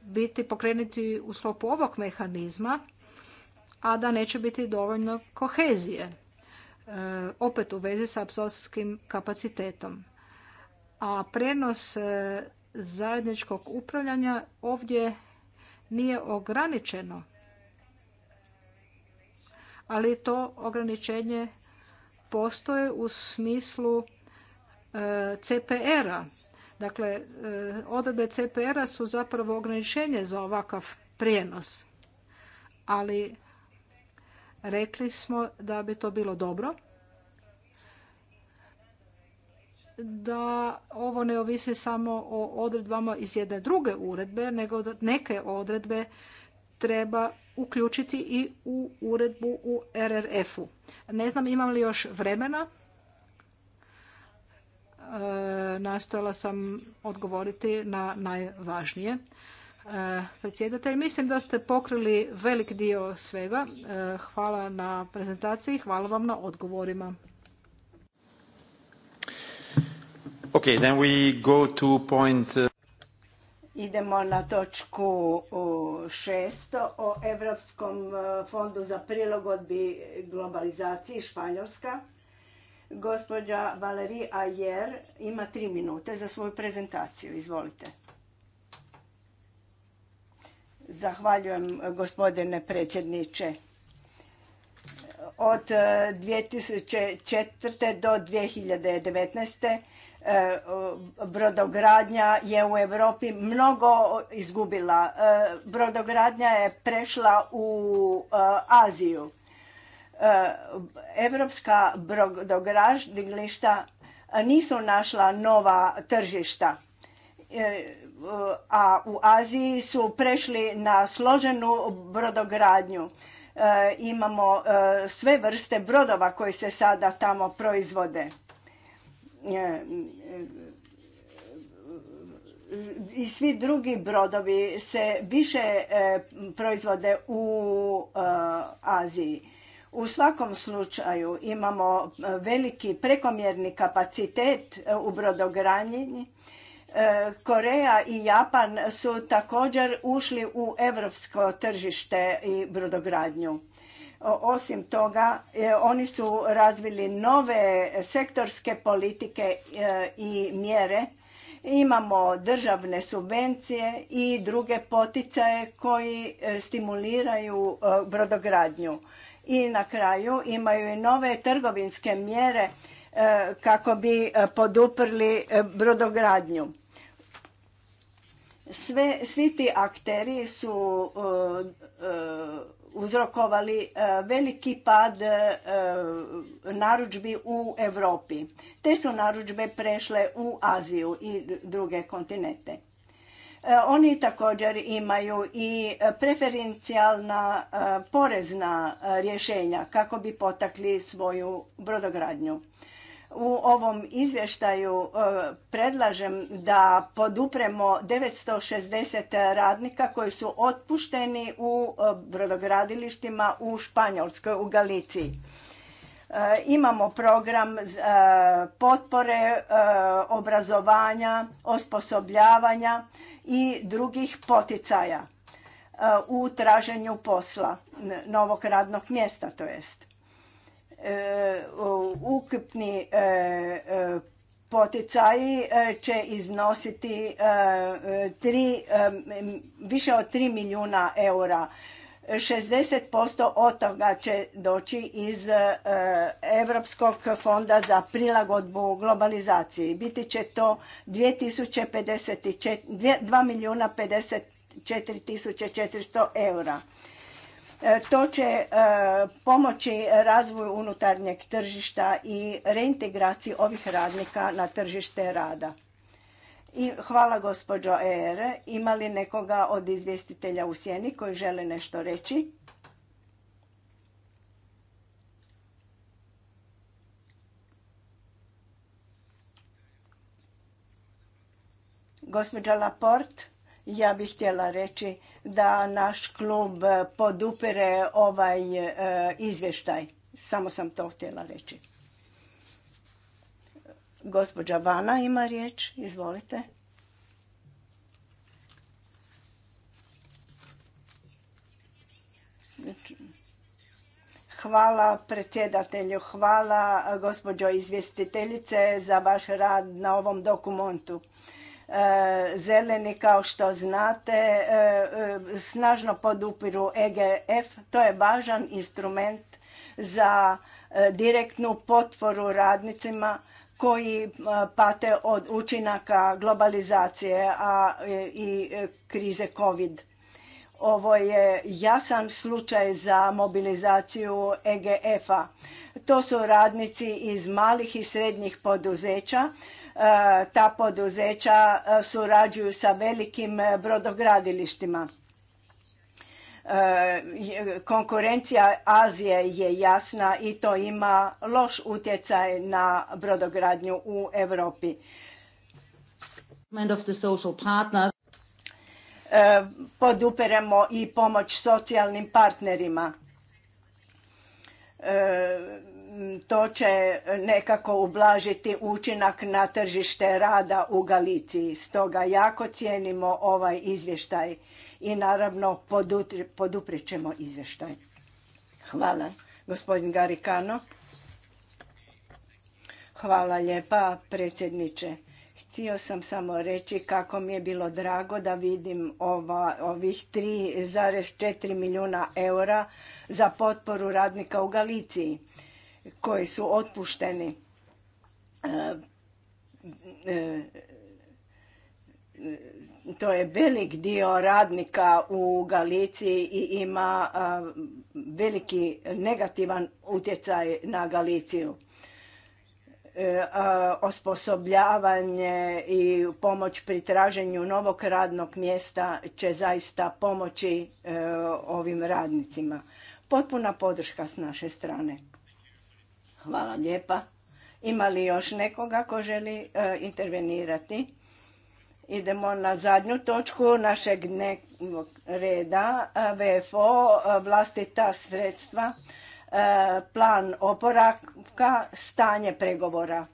biti pokrenuti u sklopu ovog mehanizma, a da neće biti dovoljno kohezije, e, opet u vezi sa apsorpcijskim kapacitetom. A prenos zajedničkog upravljanja ovdje nije ograničeno, ali to ograničenje postoje u smislu e, CPR-a. Dakle, e, odredbe CPR-a su zapravo ograničenje za ovakav prijenos. Ali rekli smo da bi to bilo dobro da ovo ne ovisi samo o odredbama iz jedne druge uredbe, nego da neke odredbe treba uključiti i u uredbu u RRF-u. Ne znam imam li još vremena. E, nastojala sam odgovoriti na najvažnije. E, predsjedatelj, mislim da ste pokrili velik dio svega. E, hvala na prezentaciji, hvala vam na odgovorima. Okay, then we go to point... Uh, Idemo na točku šesto o Europskom uh, fondu za prilagodbi globalizaciji Španjolska. Gospođa Valerija Ayer ima tri minute za svoju prezentaciju. Izvolite. Zahvaljujem gospodine predsjedniče od 2004. Uh, do 2019. E, brodogradnja je u Europi mnogo izgubila. E, brodogradnja je prešla u e, Aziju. Evropska brodogradilišta nisu našla nova tržišta, a u Aziji su prešli na složenu brodogradnju. Imamo sve vrste brodova koji se sada tamo proizvode E, e, e, i svi drugi brodovi se više proizvode u Aziji. U svakom slučaju imamo veliki prekomjerni kapacitet u brodogradnji. Koreja i Japan su također ušli u europsko tržište i brodogradnju. Osim toga, e, oni su razvili nove sektorske politike e, i mjere. Imamo državne subvencije i druge poticaje koji e, stimuliraju brodogradnju. I na kraju imaju i nove trgovinske mjere kako bi poduprli brodogradnju. svi ti akteri su uzrokovali e, veliki pad e, narudžbi u Europi. Te su narudžbe prešle u Aziju i druge kontinente. E, oni također imaju i preferencijalna porezna rješenja kako bi potakli svoju brodogradnju u ovom izvještaju e, predlažem da podupremo 960 radnika koji su otpušteni u e, brodogradilištima u Španjolskoj, u Galiciji. E, imamo program potpore, obrazovanja, osposobljavanja i drugih poticaja u traženju posla, novog radnog mjesta to jest. E, ukupni e, e, poticaji će iznositi više od 3 milijuna eura. 60% od toga će doći iz Europskog fonda za prilagodbu globalizaciji. Biti će to 2 milijuna 54 tisuće 400 eura. To će e, pomoći razvoju unutarnjeg tržišta i reintegraciji ovih radnika na tržište rada. I hvala gospođo ER. Ima li nekoga od izvjestitelja u sjeni koji žele nešto reći? Gospođa Laporte, ja bih htjela reći da naš klub podupire ovaj e, izvještaj. Samo sam to htjela reći. Gospođa Vana ima riječ, izvolite. Hvala predsjedatelju, hvala gospođo izvjestiteljice za vaš rad na ovom dokumentu. E, zeleni, kao što znate, e, e, snažno podupiru EGF. To je važan instrument za direktnu potporu radnicima koji pate od učinaka globalizacije a i krize covid. Ovo je jasan slučaj za mobilizaciju EGF-a. To su radnici iz malih i srednjih poduzeća E, ta poduzeća e, surađuju sa velikim e, brodogradilištima. Konkurencija Azije je jasna i to ima loš utjecaj na brodogradnju u Europi. Podupiremo i pomoć socijalnim partnerima to će nekako ublažiti učinak na tržište rada u Galiciji. Stoga jako cijenimo ovaj izvještaj i naravno podupričemo izvještaj. Hvala, gospodin Garikano. Hvala lijepa, predsjedniče. Htio sam samo reći kako mi je bilo drago da vidim ova, ovih 3,4 milijuna eura za potporu radnika u Galiciji koji su otpušteni e, e, to je velik dio radnika u Galiciji i ima veliki negativan utjecaj na Galiciju. E, osposobljavanje i pomoć pri traženju novog radnog mjesta će zaista pomoći ovim radnicima. Potpuna podrška s naše strane. Hvala lijepa. Ima li još nekoga ko želi e, intervenirati? Idemo na zadnju točku našeg dnevnog reda, e, VFO, e, vlastita sredstva, plan oporavka, stanje pregovora.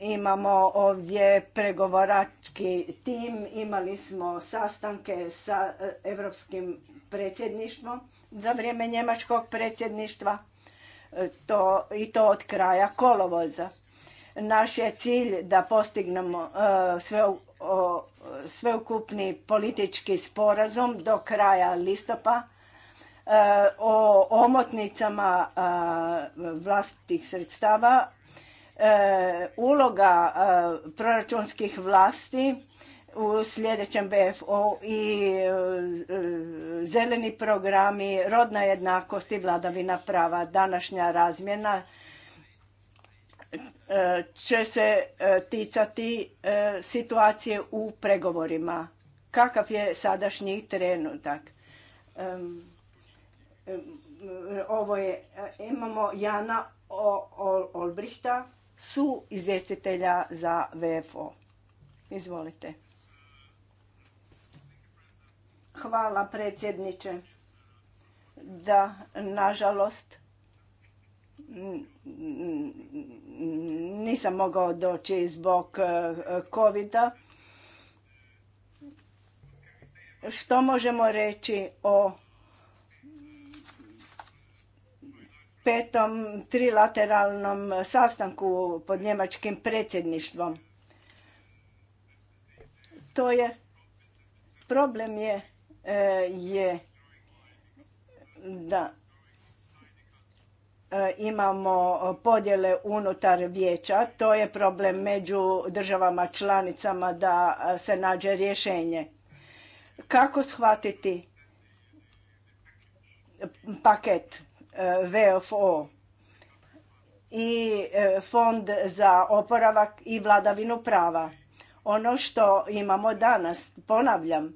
Imamo ovdje pregovorački tim, imali smo sastanke sa Europskim predsjedništvom za vrijeme njemačkog predsjedništva to, i to od kraja kolovoza. Naš je cilj da postignemo e, sve, sveukupni politički sporazum do kraja listopada e, o omotnicama e, vlastitih sredstava, uloga proračunskih vlasti u sljedećem BFO i e, zeleni programi, rodna jednakost i vladavina prava. Današnja razmjena e, će se e, ticati situacije u pregovorima. Kakav je sadašnji trenutak? Ovo je, imamo Jana Olbrichta, su izvjestitelja za VFO. Izvolite. Hvala predsjedniče. Da, nažalost, nisam mogao doći zbog e, covid -a. Što možemo reći o petom trilateralnom sastanku pod njemačkim predsjedništvom? To je problem je e, je da e, imamo podjele unutar vijeća. To je problem među državama članicama da se nađe rješenje. Kako shvatiti paket e, VFO i fond za oporavak i vladavinu prava? ono što imamo danas. Ponavljam,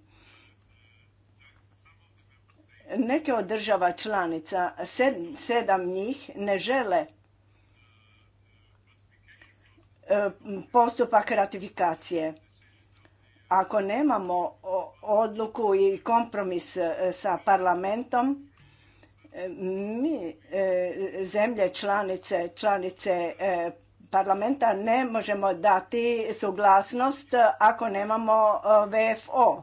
neke od država članica, sedam njih, ne žele e, postupak ratifikacije. Ako nemamo odluku i kompromis e, sa parlamentom, e, mi zemlje članice, članice parlamenta ne možemo dati suglasnost ako nemamo e, VFO.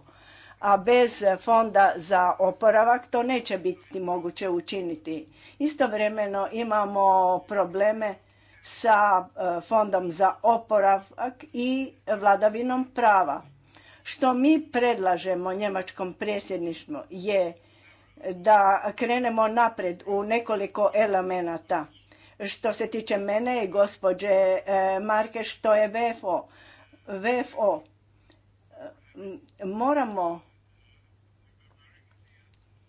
A bez fonda za oporavak to neće biti moguće učiniti. Istovremeno imamo probleme sa e, fondom za oporavak i vladavinom prava. Što mi predlažemo njemačkom predsjedništvu je da krenemo napred u nekoliko elemenata što se tiče mene i gospođe e, Marke, što je VFO. VFO. Moramo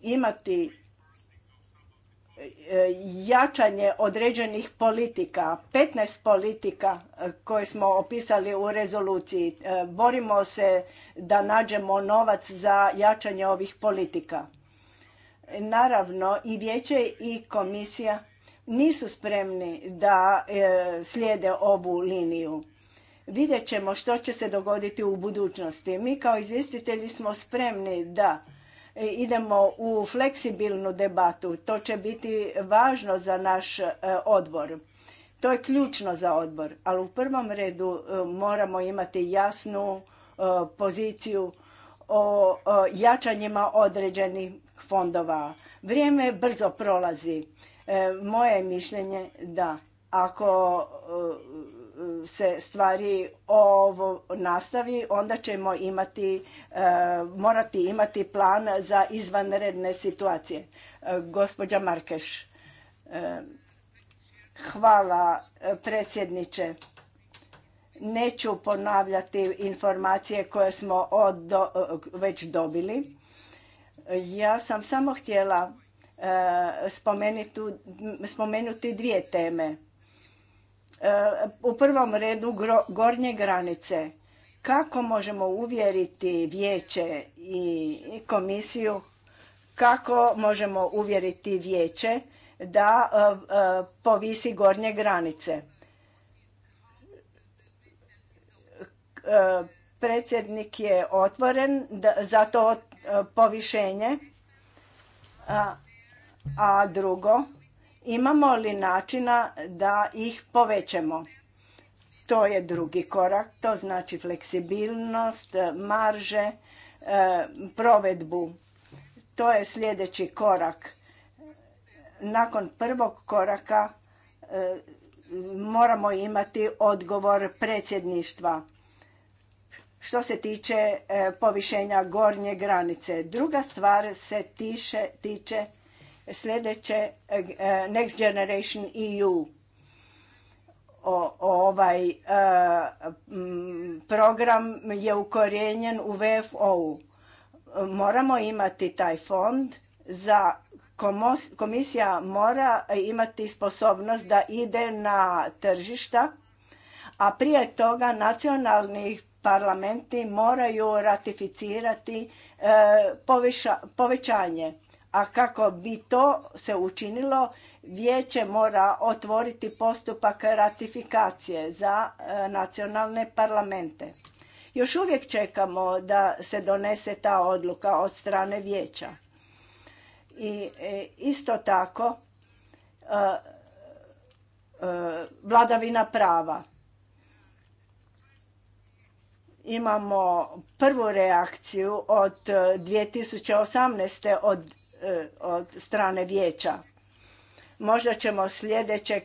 imati e, jačanje određenih politika, 15 politika e, koje smo opisali u rezoluciji. Borimo se da nađemo novac za jačanje ovih politika. Naravno i vijeće i komisija nisu spremni da e, slijede ovu liniju. Vidjet ćemo što će se dogoditi u budućnosti. Mi kao izvjestitelji smo spremni da e, idemo u fleksibilnu debatu. To će biti važno za naš e, odbor. To je ključno za odbor, ali u prvom redu moramo imati jasnu poziciju o jačanjima određenih fondova. Vrijeme brzo prolazi. E, moje mišljenje da ako e, se stvari ovo nastavi, onda ćemo imati, e, morati imati plan za izvanredne situacije. Gospođa Markeš, hvala predsjedniče. Neću ponavljati informacije koje smo već dobili. Ja sam samo htjela E, spomenuti dvije teme. E, u prvom redu gornje granice. Kako možemo uvjeriti vijeće i komisiju, kako možemo uvjeriti vijeće da e, povisi gornje granice? Predsjednik je otvoren za to povišenje, a drugo, imamo li načina da ih povećamo? To je drugi korak, to znači fleksibilnost, marže, e, provedbu. To je sljedeći korak. Nakon prvog koraka e, moramo imati odgovor predsjedništva što se tiče e, povišenja gornje granice. Druga stvar se tiče tiče sljedeće e, e, Next Generation EU. ovaj e, program je ukorijenjen u VFO-u. Moramo imati taj fond za komisija mora imati sposobnost da ide na tržišta, a prije toga nacionalni parlamenti moraju ratificirati povećanje a kako bi to se učinilo, vijeće mora otvoriti postupak ratifikacije za e, nacionalne parlamente. Još uvijek čekamo da se donese ta odluka od strane vijeća. I e, isto tako e, vladavina prava. Imamo prvu reakciju od 2018. od E, od strane vijeća. Možda ćemo sljedećeg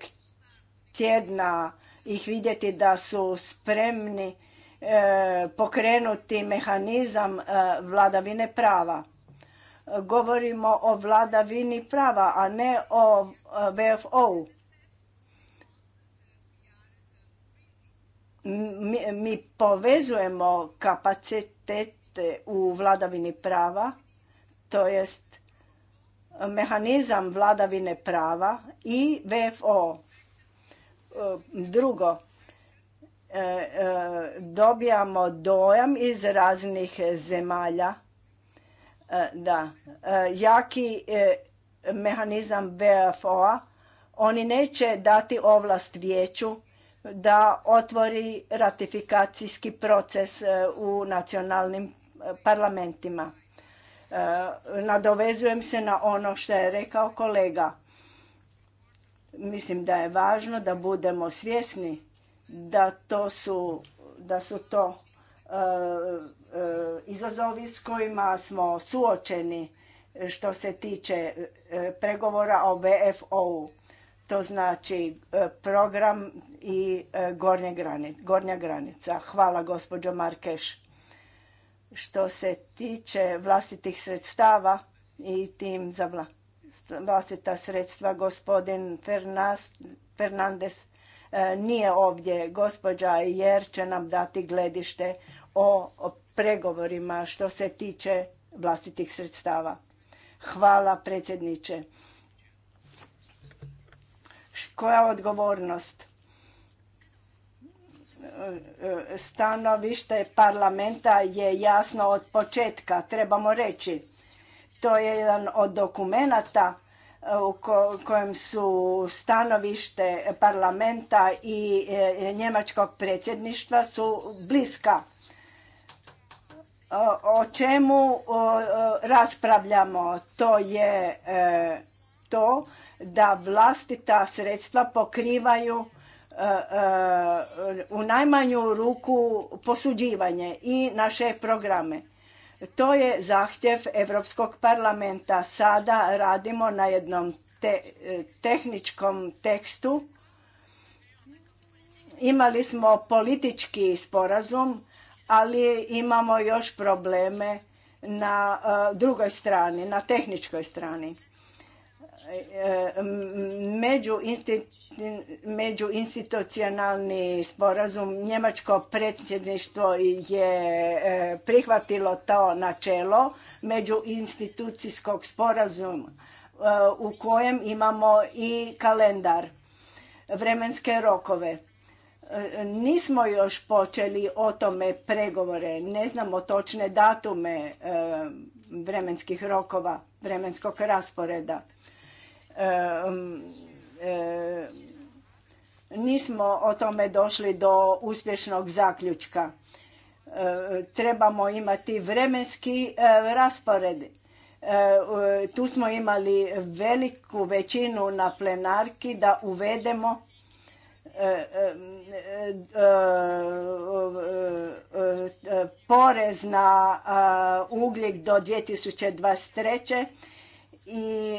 tjedna ih vidjeti da su spremni e, pokrenuti mehanizam e, vladavine prava. Govorimo o vladavini prava, a ne o vfo Mi, mi povezujemo kapacitete u vladavini prava, to jest mehanizam vladavine prava i VFO. E, drugo, e, e, dobijamo dojam iz raznih zemalja da jaki mehanizam VFO-a oni neće dati ovlast vijeću da otvori ratifikacijski proces u nacionalnim parlamentima. Eh, nadovezujem se na ono što je rekao kolega. Mislim da je važno da budemo svjesni da to su, da su to eh, eh, izazovi s kojima smo suočeni što se tiče pregovora o VFO-u. To znači program i gornja granica. Hvala gospođo Markeš što se tiče vlastitih sredstava i tim za vlastita sredstva gospodin Fernandez e, nije ovdje. Gospođa Jer će nam dati gledište o pregovorima što se tiče vlastitih sredstava. Hvala predsjedniče. Koja odgovornost? stanovište parlamenta je jasno od početka, trebamo reći. To je jedan od dokumenata uh, u kojem su stanovište parlamenta i eh, njemačkog predsjedništva su bliska. O čemu raspravljamo? To je eh, to da vlastita sredstva pokrivaju E, e, u najmanju ruku posuđivanje i naše programe. To je zahtjev Europskog parlamenta. Sada radimo na jednom e, tehničkom tekstu. Imali smo politički sporazum, ali imamo još probleme na drugoj strani, na tehničkoj strani međuinstitucionalni sporazum njemačko predsjedništvo je e, prihvatilo to načelo međuinstitucijskog sporazuma e, u kojem imamo i kalendar vremenske rokove e, nismo još počeli o tome pregovore ne znamo točne datume vremenskih rokova vremenskog rasporeda nismo o tome došli do uspješnog zaključka. Trebamo imati vremenski raspored. Tu smo imali veliku većinu na plenarki da uvedemo porez na ugljik do 2023. i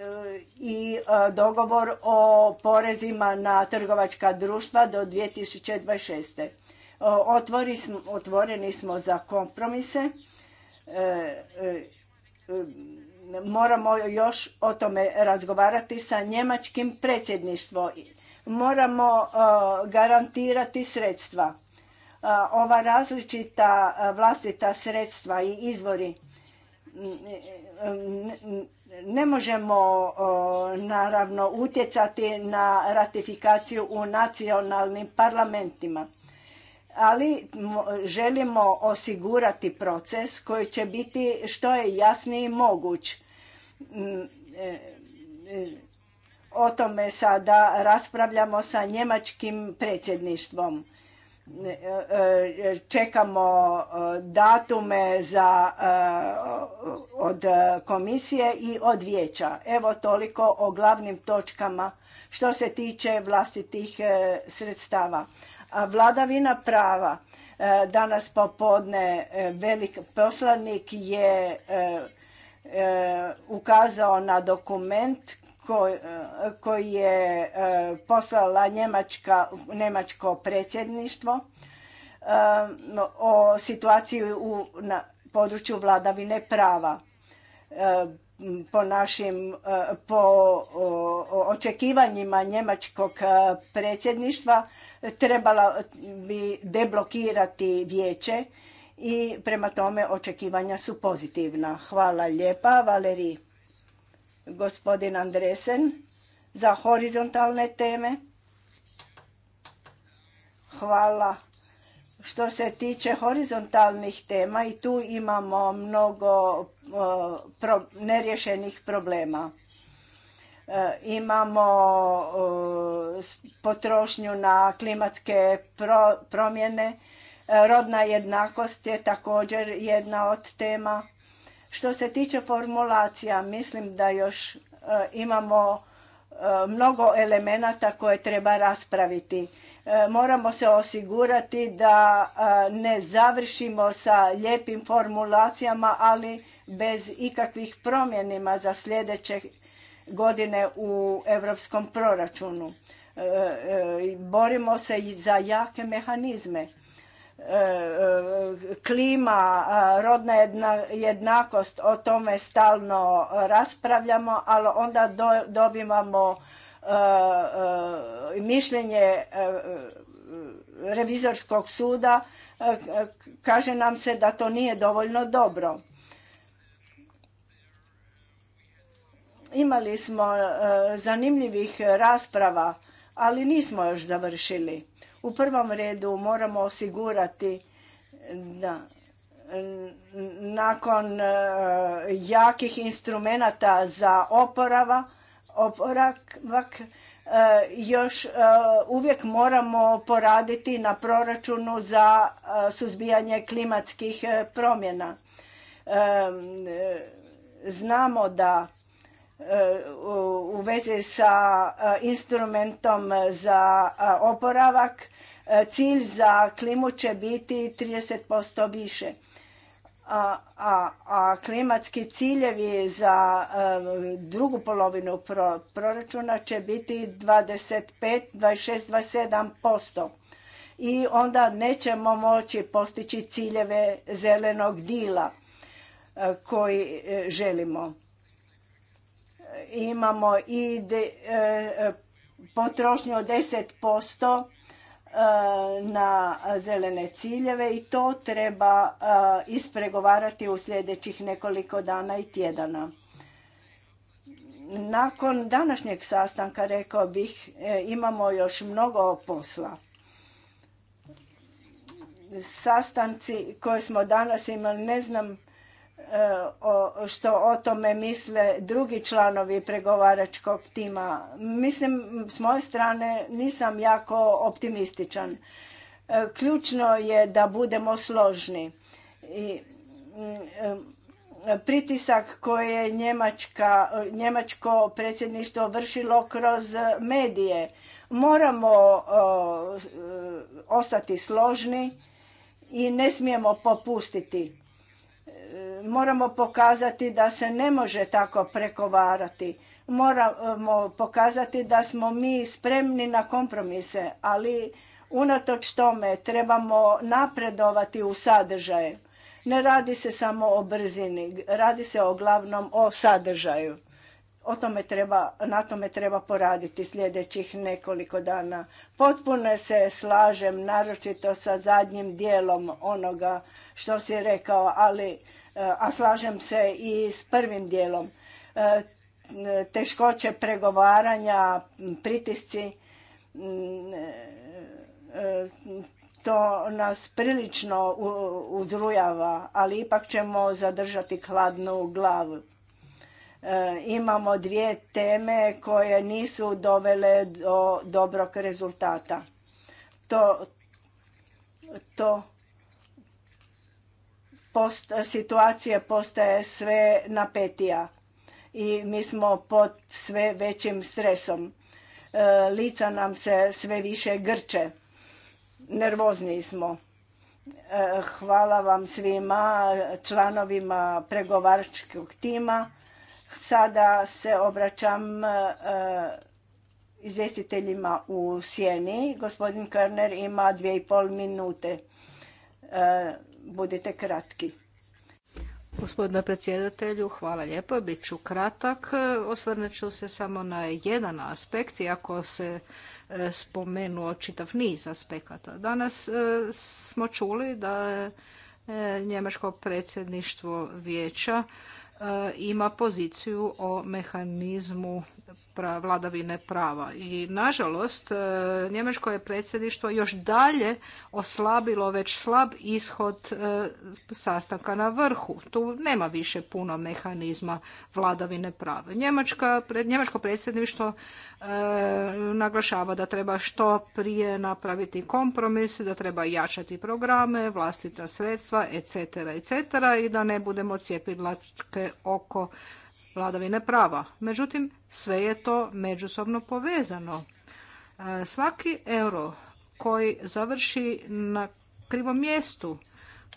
Eh, i eh, dogovor o porezima na trgovačka društva do 2026. Eh, otvoreni smo za kompromise. Moramo još o tome razgovarati sa njemačkim predsjedništvom. Moramo garantirati sredstva. Ova različita vlastita sredstva i izvori mm, mm, mm, ne možemo naravno utjecati na ratifikaciju u nacionalnim parlamentima, ali želimo osigurati proces koji će biti što je jasniji moguć. Mm, e, e, o tome sada raspravljamo sa njemačkim predsjedništvom E, e, čekamo e, datume za, od komisije i od vijeća. Evo toliko o glavnim točkama što se tiče vlastitih sredstava. A vladavina prava. Danas popodne velik poslanik je ukazao na dokument E, koji je e, poslala njemačko predsjedništvo e, o situaciji u, na području vladavine prava. Po našim, po očekivanjima njemačkog predsjedništva trebala bi deblokirati vijeće i prema tome očekivanja su pozitivna. Hvala lijepa, Valeriji gospodin Andresen za horizontalne teme. Hvala. Što se tiče horizontalnih tema i tu imamo mnogo neriješenih nerješenih problema. E, imamo potrošnju na klimatske promjene, e, rodna jednakost je također jedna od tema što se tiče formulacija, mislim da još e, imamo e, mnogo elemenata koje treba raspraviti. E, moramo se osigurati da ne završimo sa lijepim formulacijama, ali bez ikakvih promjenima za sljedeće godine u europskom proračunu. Borimo se i za jake mehanizme klima, rodna jednakost, o tome stalno raspravljamo, ali onda dobivamo e, e, mišljenje e, revizorskog suda, kaže nam se da to nije dovoljno dobro. Imali smo zanimljivih rasprava, ali nismo još završili u prvom redu moramo osigurati da nakon eh, jakih instrumenata za oporava, oporavak eh, još eh, uvijek moramo poraditi na proračunu za suzbijanje klimatskih promjena. Znamo da u vezi sa e, instrumentom za e, oporavak. E, cilj za klimu će biti 30% više. A, a, klimatski ciljevi za drugu polovinu pro, proračuna će biti 25, 26, 27%. I onda nećemo moći postići ciljeve zelenog dila koji želimo imamo i e, potrošnju od 10% e, na zelene ciljeve i to treba e, ispregovarati u sljedećih nekoliko dana i tjedana. Nakon današnjeg sastanka, rekao bih, imamo još mnogo posla. Sastanci koje smo danas imali, ne znam E, što o tome misle drugi članovi pregovaračkog tima. Mislim, s moje strane nisam jako optimističan. E, ključno je da budemo složni. I, mm, e, pritisak koje je njemačko predsjedništvo vršilo kroz medije. Moramo ostati složni i ne smijemo popustiti moramo pokazati da se ne može tako prekovarati. Moramo pokazati da smo mi spremni na kompromise, ali unatoč tome trebamo napredovati u sadržaju. Ne radi se samo o brzini, radi se o glavnom o sadržaju. O treba, na tome treba poraditi sljedećih nekoliko dana. Potpuno se slažem, naročito sa zadnjim dijelom onoga što si rekao, ali, e, a slažem se i s prvim dijelom. E, teškoće pregovaranja, pritisci, mm, e, to nas prilično uzrujava, ali ipak ćemo zadržati hladnu glavu. E, imamo dvije teme koje nisu dovele do dobrog rezultata. To, to post, situacija postaje sve napetija i mi smo pod sve većim stresom. E, lica nam se sve više grče. Nervozni smo. E, hvala vam svima, članovima pregovaračkog tima Sada se obraćam e, izvjestiteljima u sjeni. Gospodin Körner ima dvije i pol minute. E, budite kratki. Gospodine predsjedatelju, hvala lijepo. Bit ću kratak. Osvrnut ću se samo na jedan aspekt, iako se e, spomenuo čitav niz aspekata. Danas smo čuli da je njemačko predsjedništvo vijeća ima poziciju o mehanizmu vladavine prava. I nažalost, e, njemačko je predsjedništvo još dalje oslabilo već slab ishod e, sastanka na vrhu. Tu nema više puno mehanizma vladavine prava. Njemačka, njemačko predsjedništvo e, naglašava da treba što prije napraviti kompromis, da treba jačati programe, vlastita sredstva, etc. etc. i da ne budemo cijepidlačke oko vladavine prava. Međutim, sve je to međusobno povezano. E, svaki euro koji završi na krivom mjestu,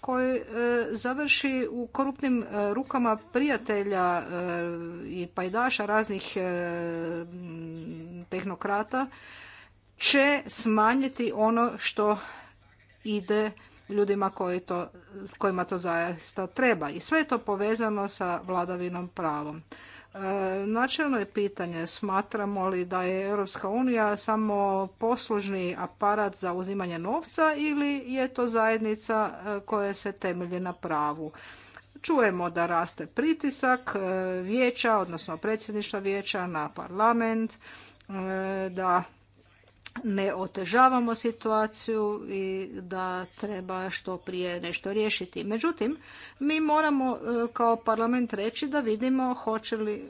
koji e, završi u korupnim e, rukama prijatelja i pajdaša raznih tehnokrata, će smanjiti ono što ide ljudima to, kojima to zaista treba. I sve je to povezano sa vladavinom pravom. E, načelno je pitanje smatramo li da je Europska unija samo poslužni aparat za uzimanje novca ili je to zajednica e, koja se temelji na pravu. Čujemo da raste pritisak e, vijeća, odnosno predsjedništva vijeća na parlament, da ne otežavamo situaciju i da treba što prije nešto riješiti. Međutim, mi moramo e, kao parlament reći da vidimo hoće li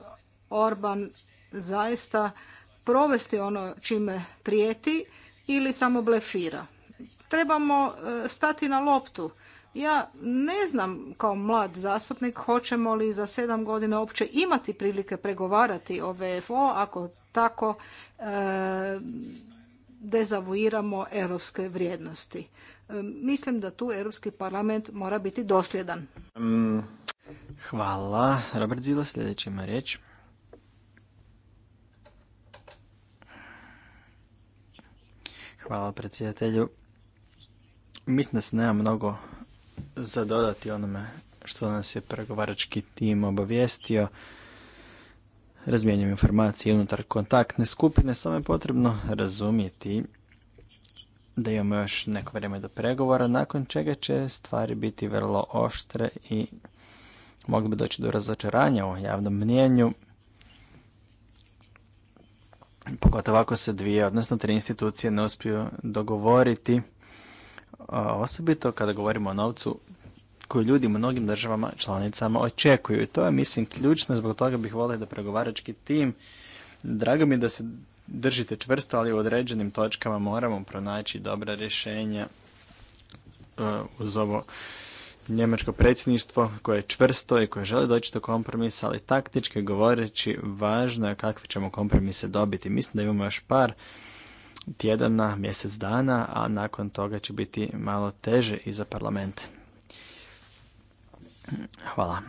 Orban zaista provesti ono čime prijeti ili samo blefira. Trebamo e, stati na loptu. Ja ne znam kao mlad zastupnik hoćemo li za sedam godina uopće imati prilike pregovarati o VFO ako tako e, dezavuiramo europske vrijednosti. E, mislim da tu Europski parlament mora biti dosljedan. Hvala. Robert Zilo, sljedeći ima riječ. Hvala predsjedatelju. Mislim da se nema mnogo za dodati onome što nas je pregovarački tim obavijestio. Razmijenjem informacije unutar kontaktne skupine, samo je potrebno razumjeti da imamo još neko vrijeme do pregovora, nakon čega će stvari biti vrlo oštre i mogli bi doći do razočaranja u javnom mnjenju, pogotovo ako se dvije, odnosno tri institucije ne uspiju dogovoriti, osobito kada govorimo o novcu koju ljudi u mnogim državama članicama očekuju. I to je, mislim, ključno, zbog toga bih volio da pregovarački tim, drago mi da se držite čvrsto, ali u određenim točkama moramo pronaći dobra rješenja uh, uz ovo njemačko predsjedništvo koje je čvrsto i koje želi doći do kompromisa, ali taktički govoreći važno je kakve ćemo kompromise dobiti. Mislim da imamo još par tjedana, mjesec dana, a nakon toga će biti malo teže i za parlamente Hvala.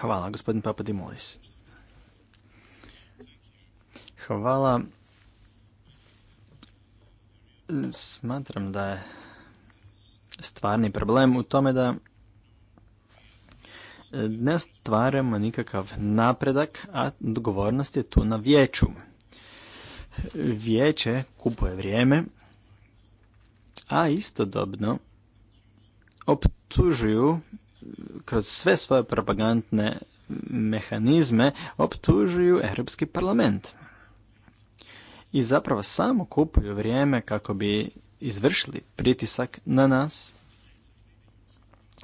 Hvala, gospodin Papadimulis. Hvala. Smatram da je stvarni problem u tome da ne stvaramo nikakav napredak, a odgovornost je tu na vijeću. Vijeće kupuje vrijeme, a istodobno optužuju kroz sve svoje propagandne mehanizme optužuju Europski parlament. I zapravo samo kupuju vrijeme kako bi izvršili pritisak na nas,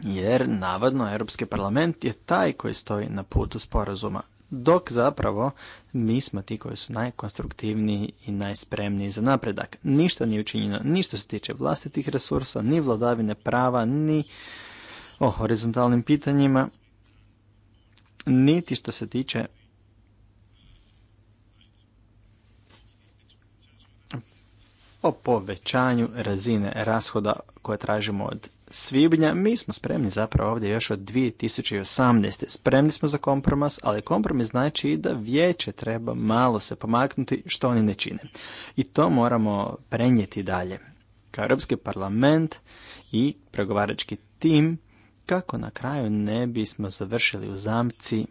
jer navodno Europski parlament je taj koji stoji na putu sporazuma dok zapravo mi smo ti koji su najkonstruktivniji i najspremniji za napredak. Ništa nije učinjeno, ni što se tiče vlastitih resursa, ni vladavine prava, ni o horizontalnim pitanjima, niti što se tiče o povećanju razine rashoda koje tražimo od svibnja, mi smo spremni zapravo ovdje još od 2018. Spremni smo za kompromis, ali kompromis znači i da vijeće treba malo se pomaknuti što oni ne čine. I to moramo prenijeti dalje. Kao Europski parlament i pregovarački tim kako na kraju ne bismo završili u zamci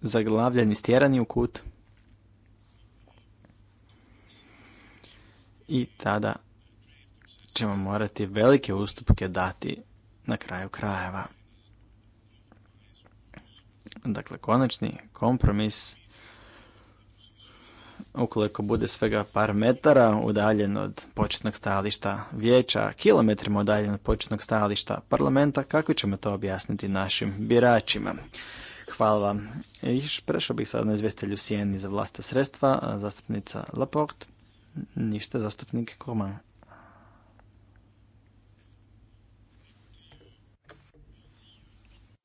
zaglavljeni, stjerani u kut i tada ćemo morati velike ustupke dati na kraju krajeva. Dakle, konačni kompromis ukoliko bude svega par metara udaljen od početnog stajališta vijeća, kilometrima udaljen od početnog stajališta parlamenta, kako ćemo to objasniti našim biračima? Hvala vam. Iš, prešao bih sad na izvestelju Sijeni za vlasta sredstva, zastupnica Laporte, ništa zastupnik Kurman.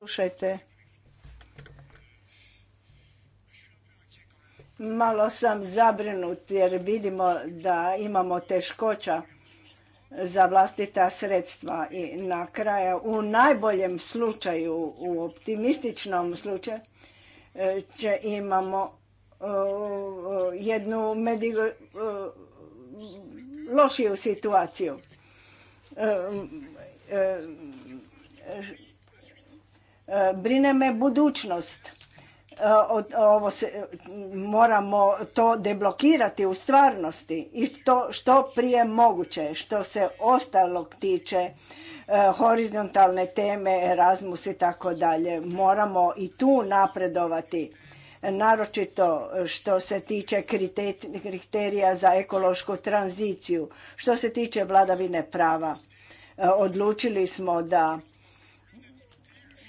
Slušajte. Malo sam zabrinut jer vidimo da imamo teškoća za vlastita sredstva i na kraju u najboljem slučaju, u optimističnom slučaju će imamo jednu lošiju situaciju. E, e, Brine me budućnost. E, ovo se, moramo to deblokirati u stvarnosti i to što prije moguće. Što se ostalog tiče, e, horizontalne teme, Erasmus i tako dalje. Moramo i tu napredovati, naročito što se tiče kriterija za ekološku tranziciju. Što se tiče vladavine prava, e, odlučili smo da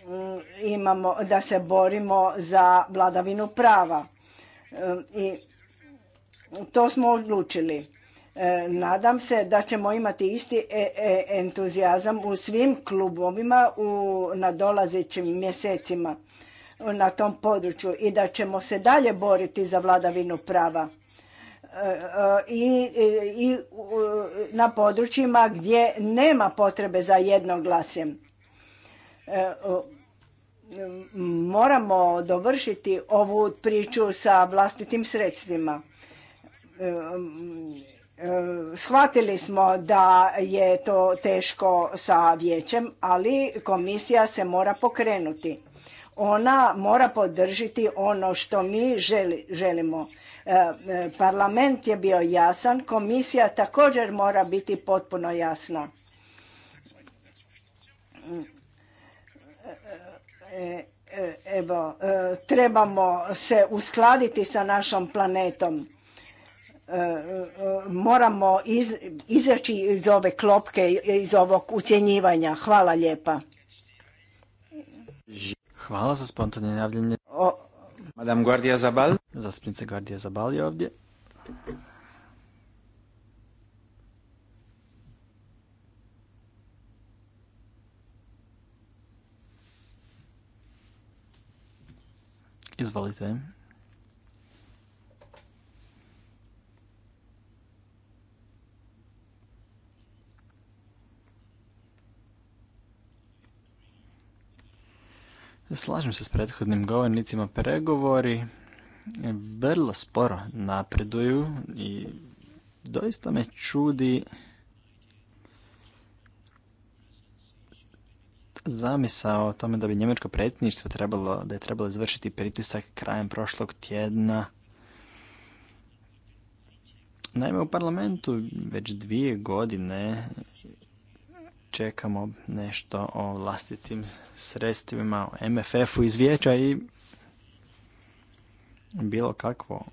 Mm, imamo, da se borimo za vladavinu prava. E, I to smo odlučili. E, nadam se da ćemo imati isti e, entuzijazam u svim klubovima u nadolazećim mjesecima na tom području i da ćemo se dalje boriti za vladavinu prava i, i na područjima gdje nema potrebe za jednoglasjem moramo dovršiti ovu priču sa vlastitim sredstvima. Shvatili smo da je to teško sa vijećem, ali komisija se mora pokrenuti. Ona mora podržiti ono što mi želimo. E, parlament je bio jasan, komisija također mora biti potpuno jasna E, e, evo, e, trebamo se uskladiti sa našom planetom. Moramo iz, izaći iz ove klopke, iz ovog ucjenjivanja. Hvala lijepa. Hvala za spontane javljanje. O... Madame Guardia Zabal. Zastupnica Guardia Zabal je ovdje. Izvolite. Slažem se s prethodnim govornicima. Pregovori vrlo sporo napreduju i doista me čudi zamisao o tome da bi njemačko predsjedništvo trebalo, da je trebalo izvršiti pritisak krajem prošlog tjedna. Naime, u parlamentu već dvije godine čekamo nešto o vlastitim sredstvima, o MFF-u izvijeća i bilo kakvo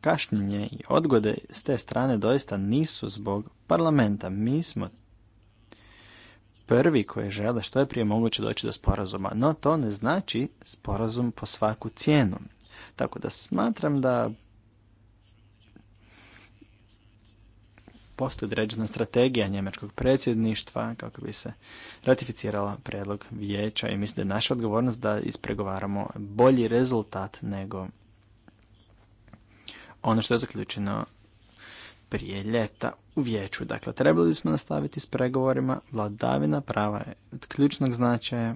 kašnjenje i odgode s te strane doista nisu zbog parlamenta. Mi smo prvi koji žele što je prije moguće doći do sporazuma, no to ne znači sporazum po svaku cijenu. Tako da smatram da postoji određena strategija njemačkog predsjedništva kako bi se ratificirala predlog vijeća i mislim da je naša odgovornost da ispregovaramo bolji rezultat nego ono što je zaključeno prije ljeta u vijeću. Dakle, trebali bismo nastaviti s pregovorima, vladavina prava je od ključnog značaja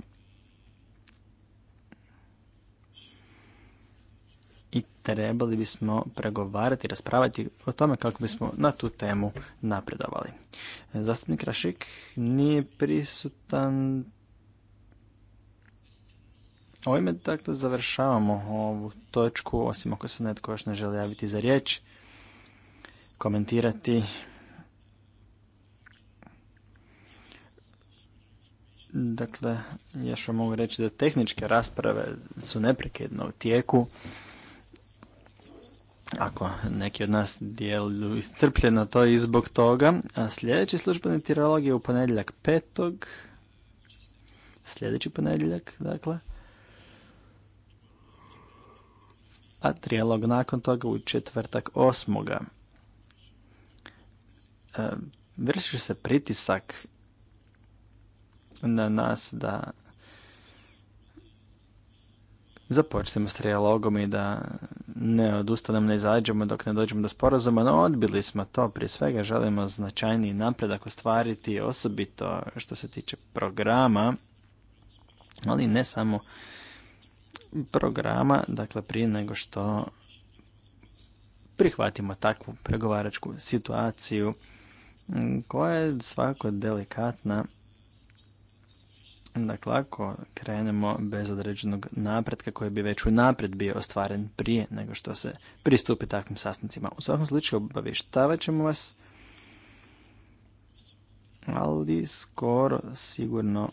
i trebali bismo pregovarati, raspravati o tome kako bismo na tu temu napredovali. Zastupnik Rašik nije prisutan. Ovime dakle završavamo ovu točku, osim ako se netko još ne želi javiti za riječ, komentirati Dakle, još vam mogu reći da tehničke rasprave su neprekidno u tijeku. Ako neki od nas dijelju iscrpljeno, to i zbog toga. A sljedeći službeni tirolog je u ponedjeljak petog. Sljedeći ponedjeljak, dakle. A trijalog nakon toga u četvrtak osmoga. E, vrši se pritisak na nas da započnemo s trijalogom i da ne odustanemo, ne izađemo dok ne dođemo do sporazuma, no odbili smo to. Prije svega želimo značajniji napredak ostvariti, osobito što se tiče programa, ali ne samo programa, dakle prije nego što prihvatimo takvu pregovaračku situaciju koja je svako delikatna Dakle, ako krenemo bez određenog napretka koji bi već napred bio ostvaren prije nego što se pristupi takvim sastancima. U svakom slučaju obavještavat ćemo vas, ali skoro sigurno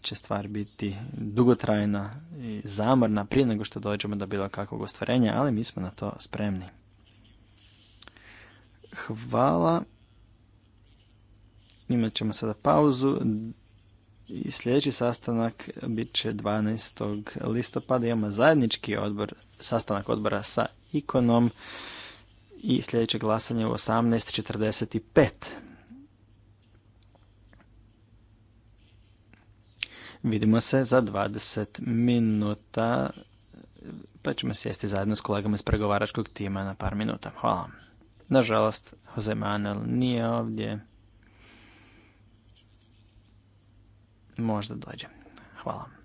će stvar biti dugotrajna i zamorna prije nego što dođemo do bilo kakvog ostvarenja, ali mi smo na to spremni. Hvala. Imat ćemo sada pauzu. I sljedeći sastanak bit će 12. listopada. Imamo zajednički odbor, sastanak odbora sa ikonom i sljedeće glasanje u 18.45. Vidimo se za 20 minuta, pa ćemo sjesti zajedno s kolegama iz pregovaračkog tima na par minuta. Hvala. Nažalost, Jose Manuel nije ovdje. možda dođe. Hvala.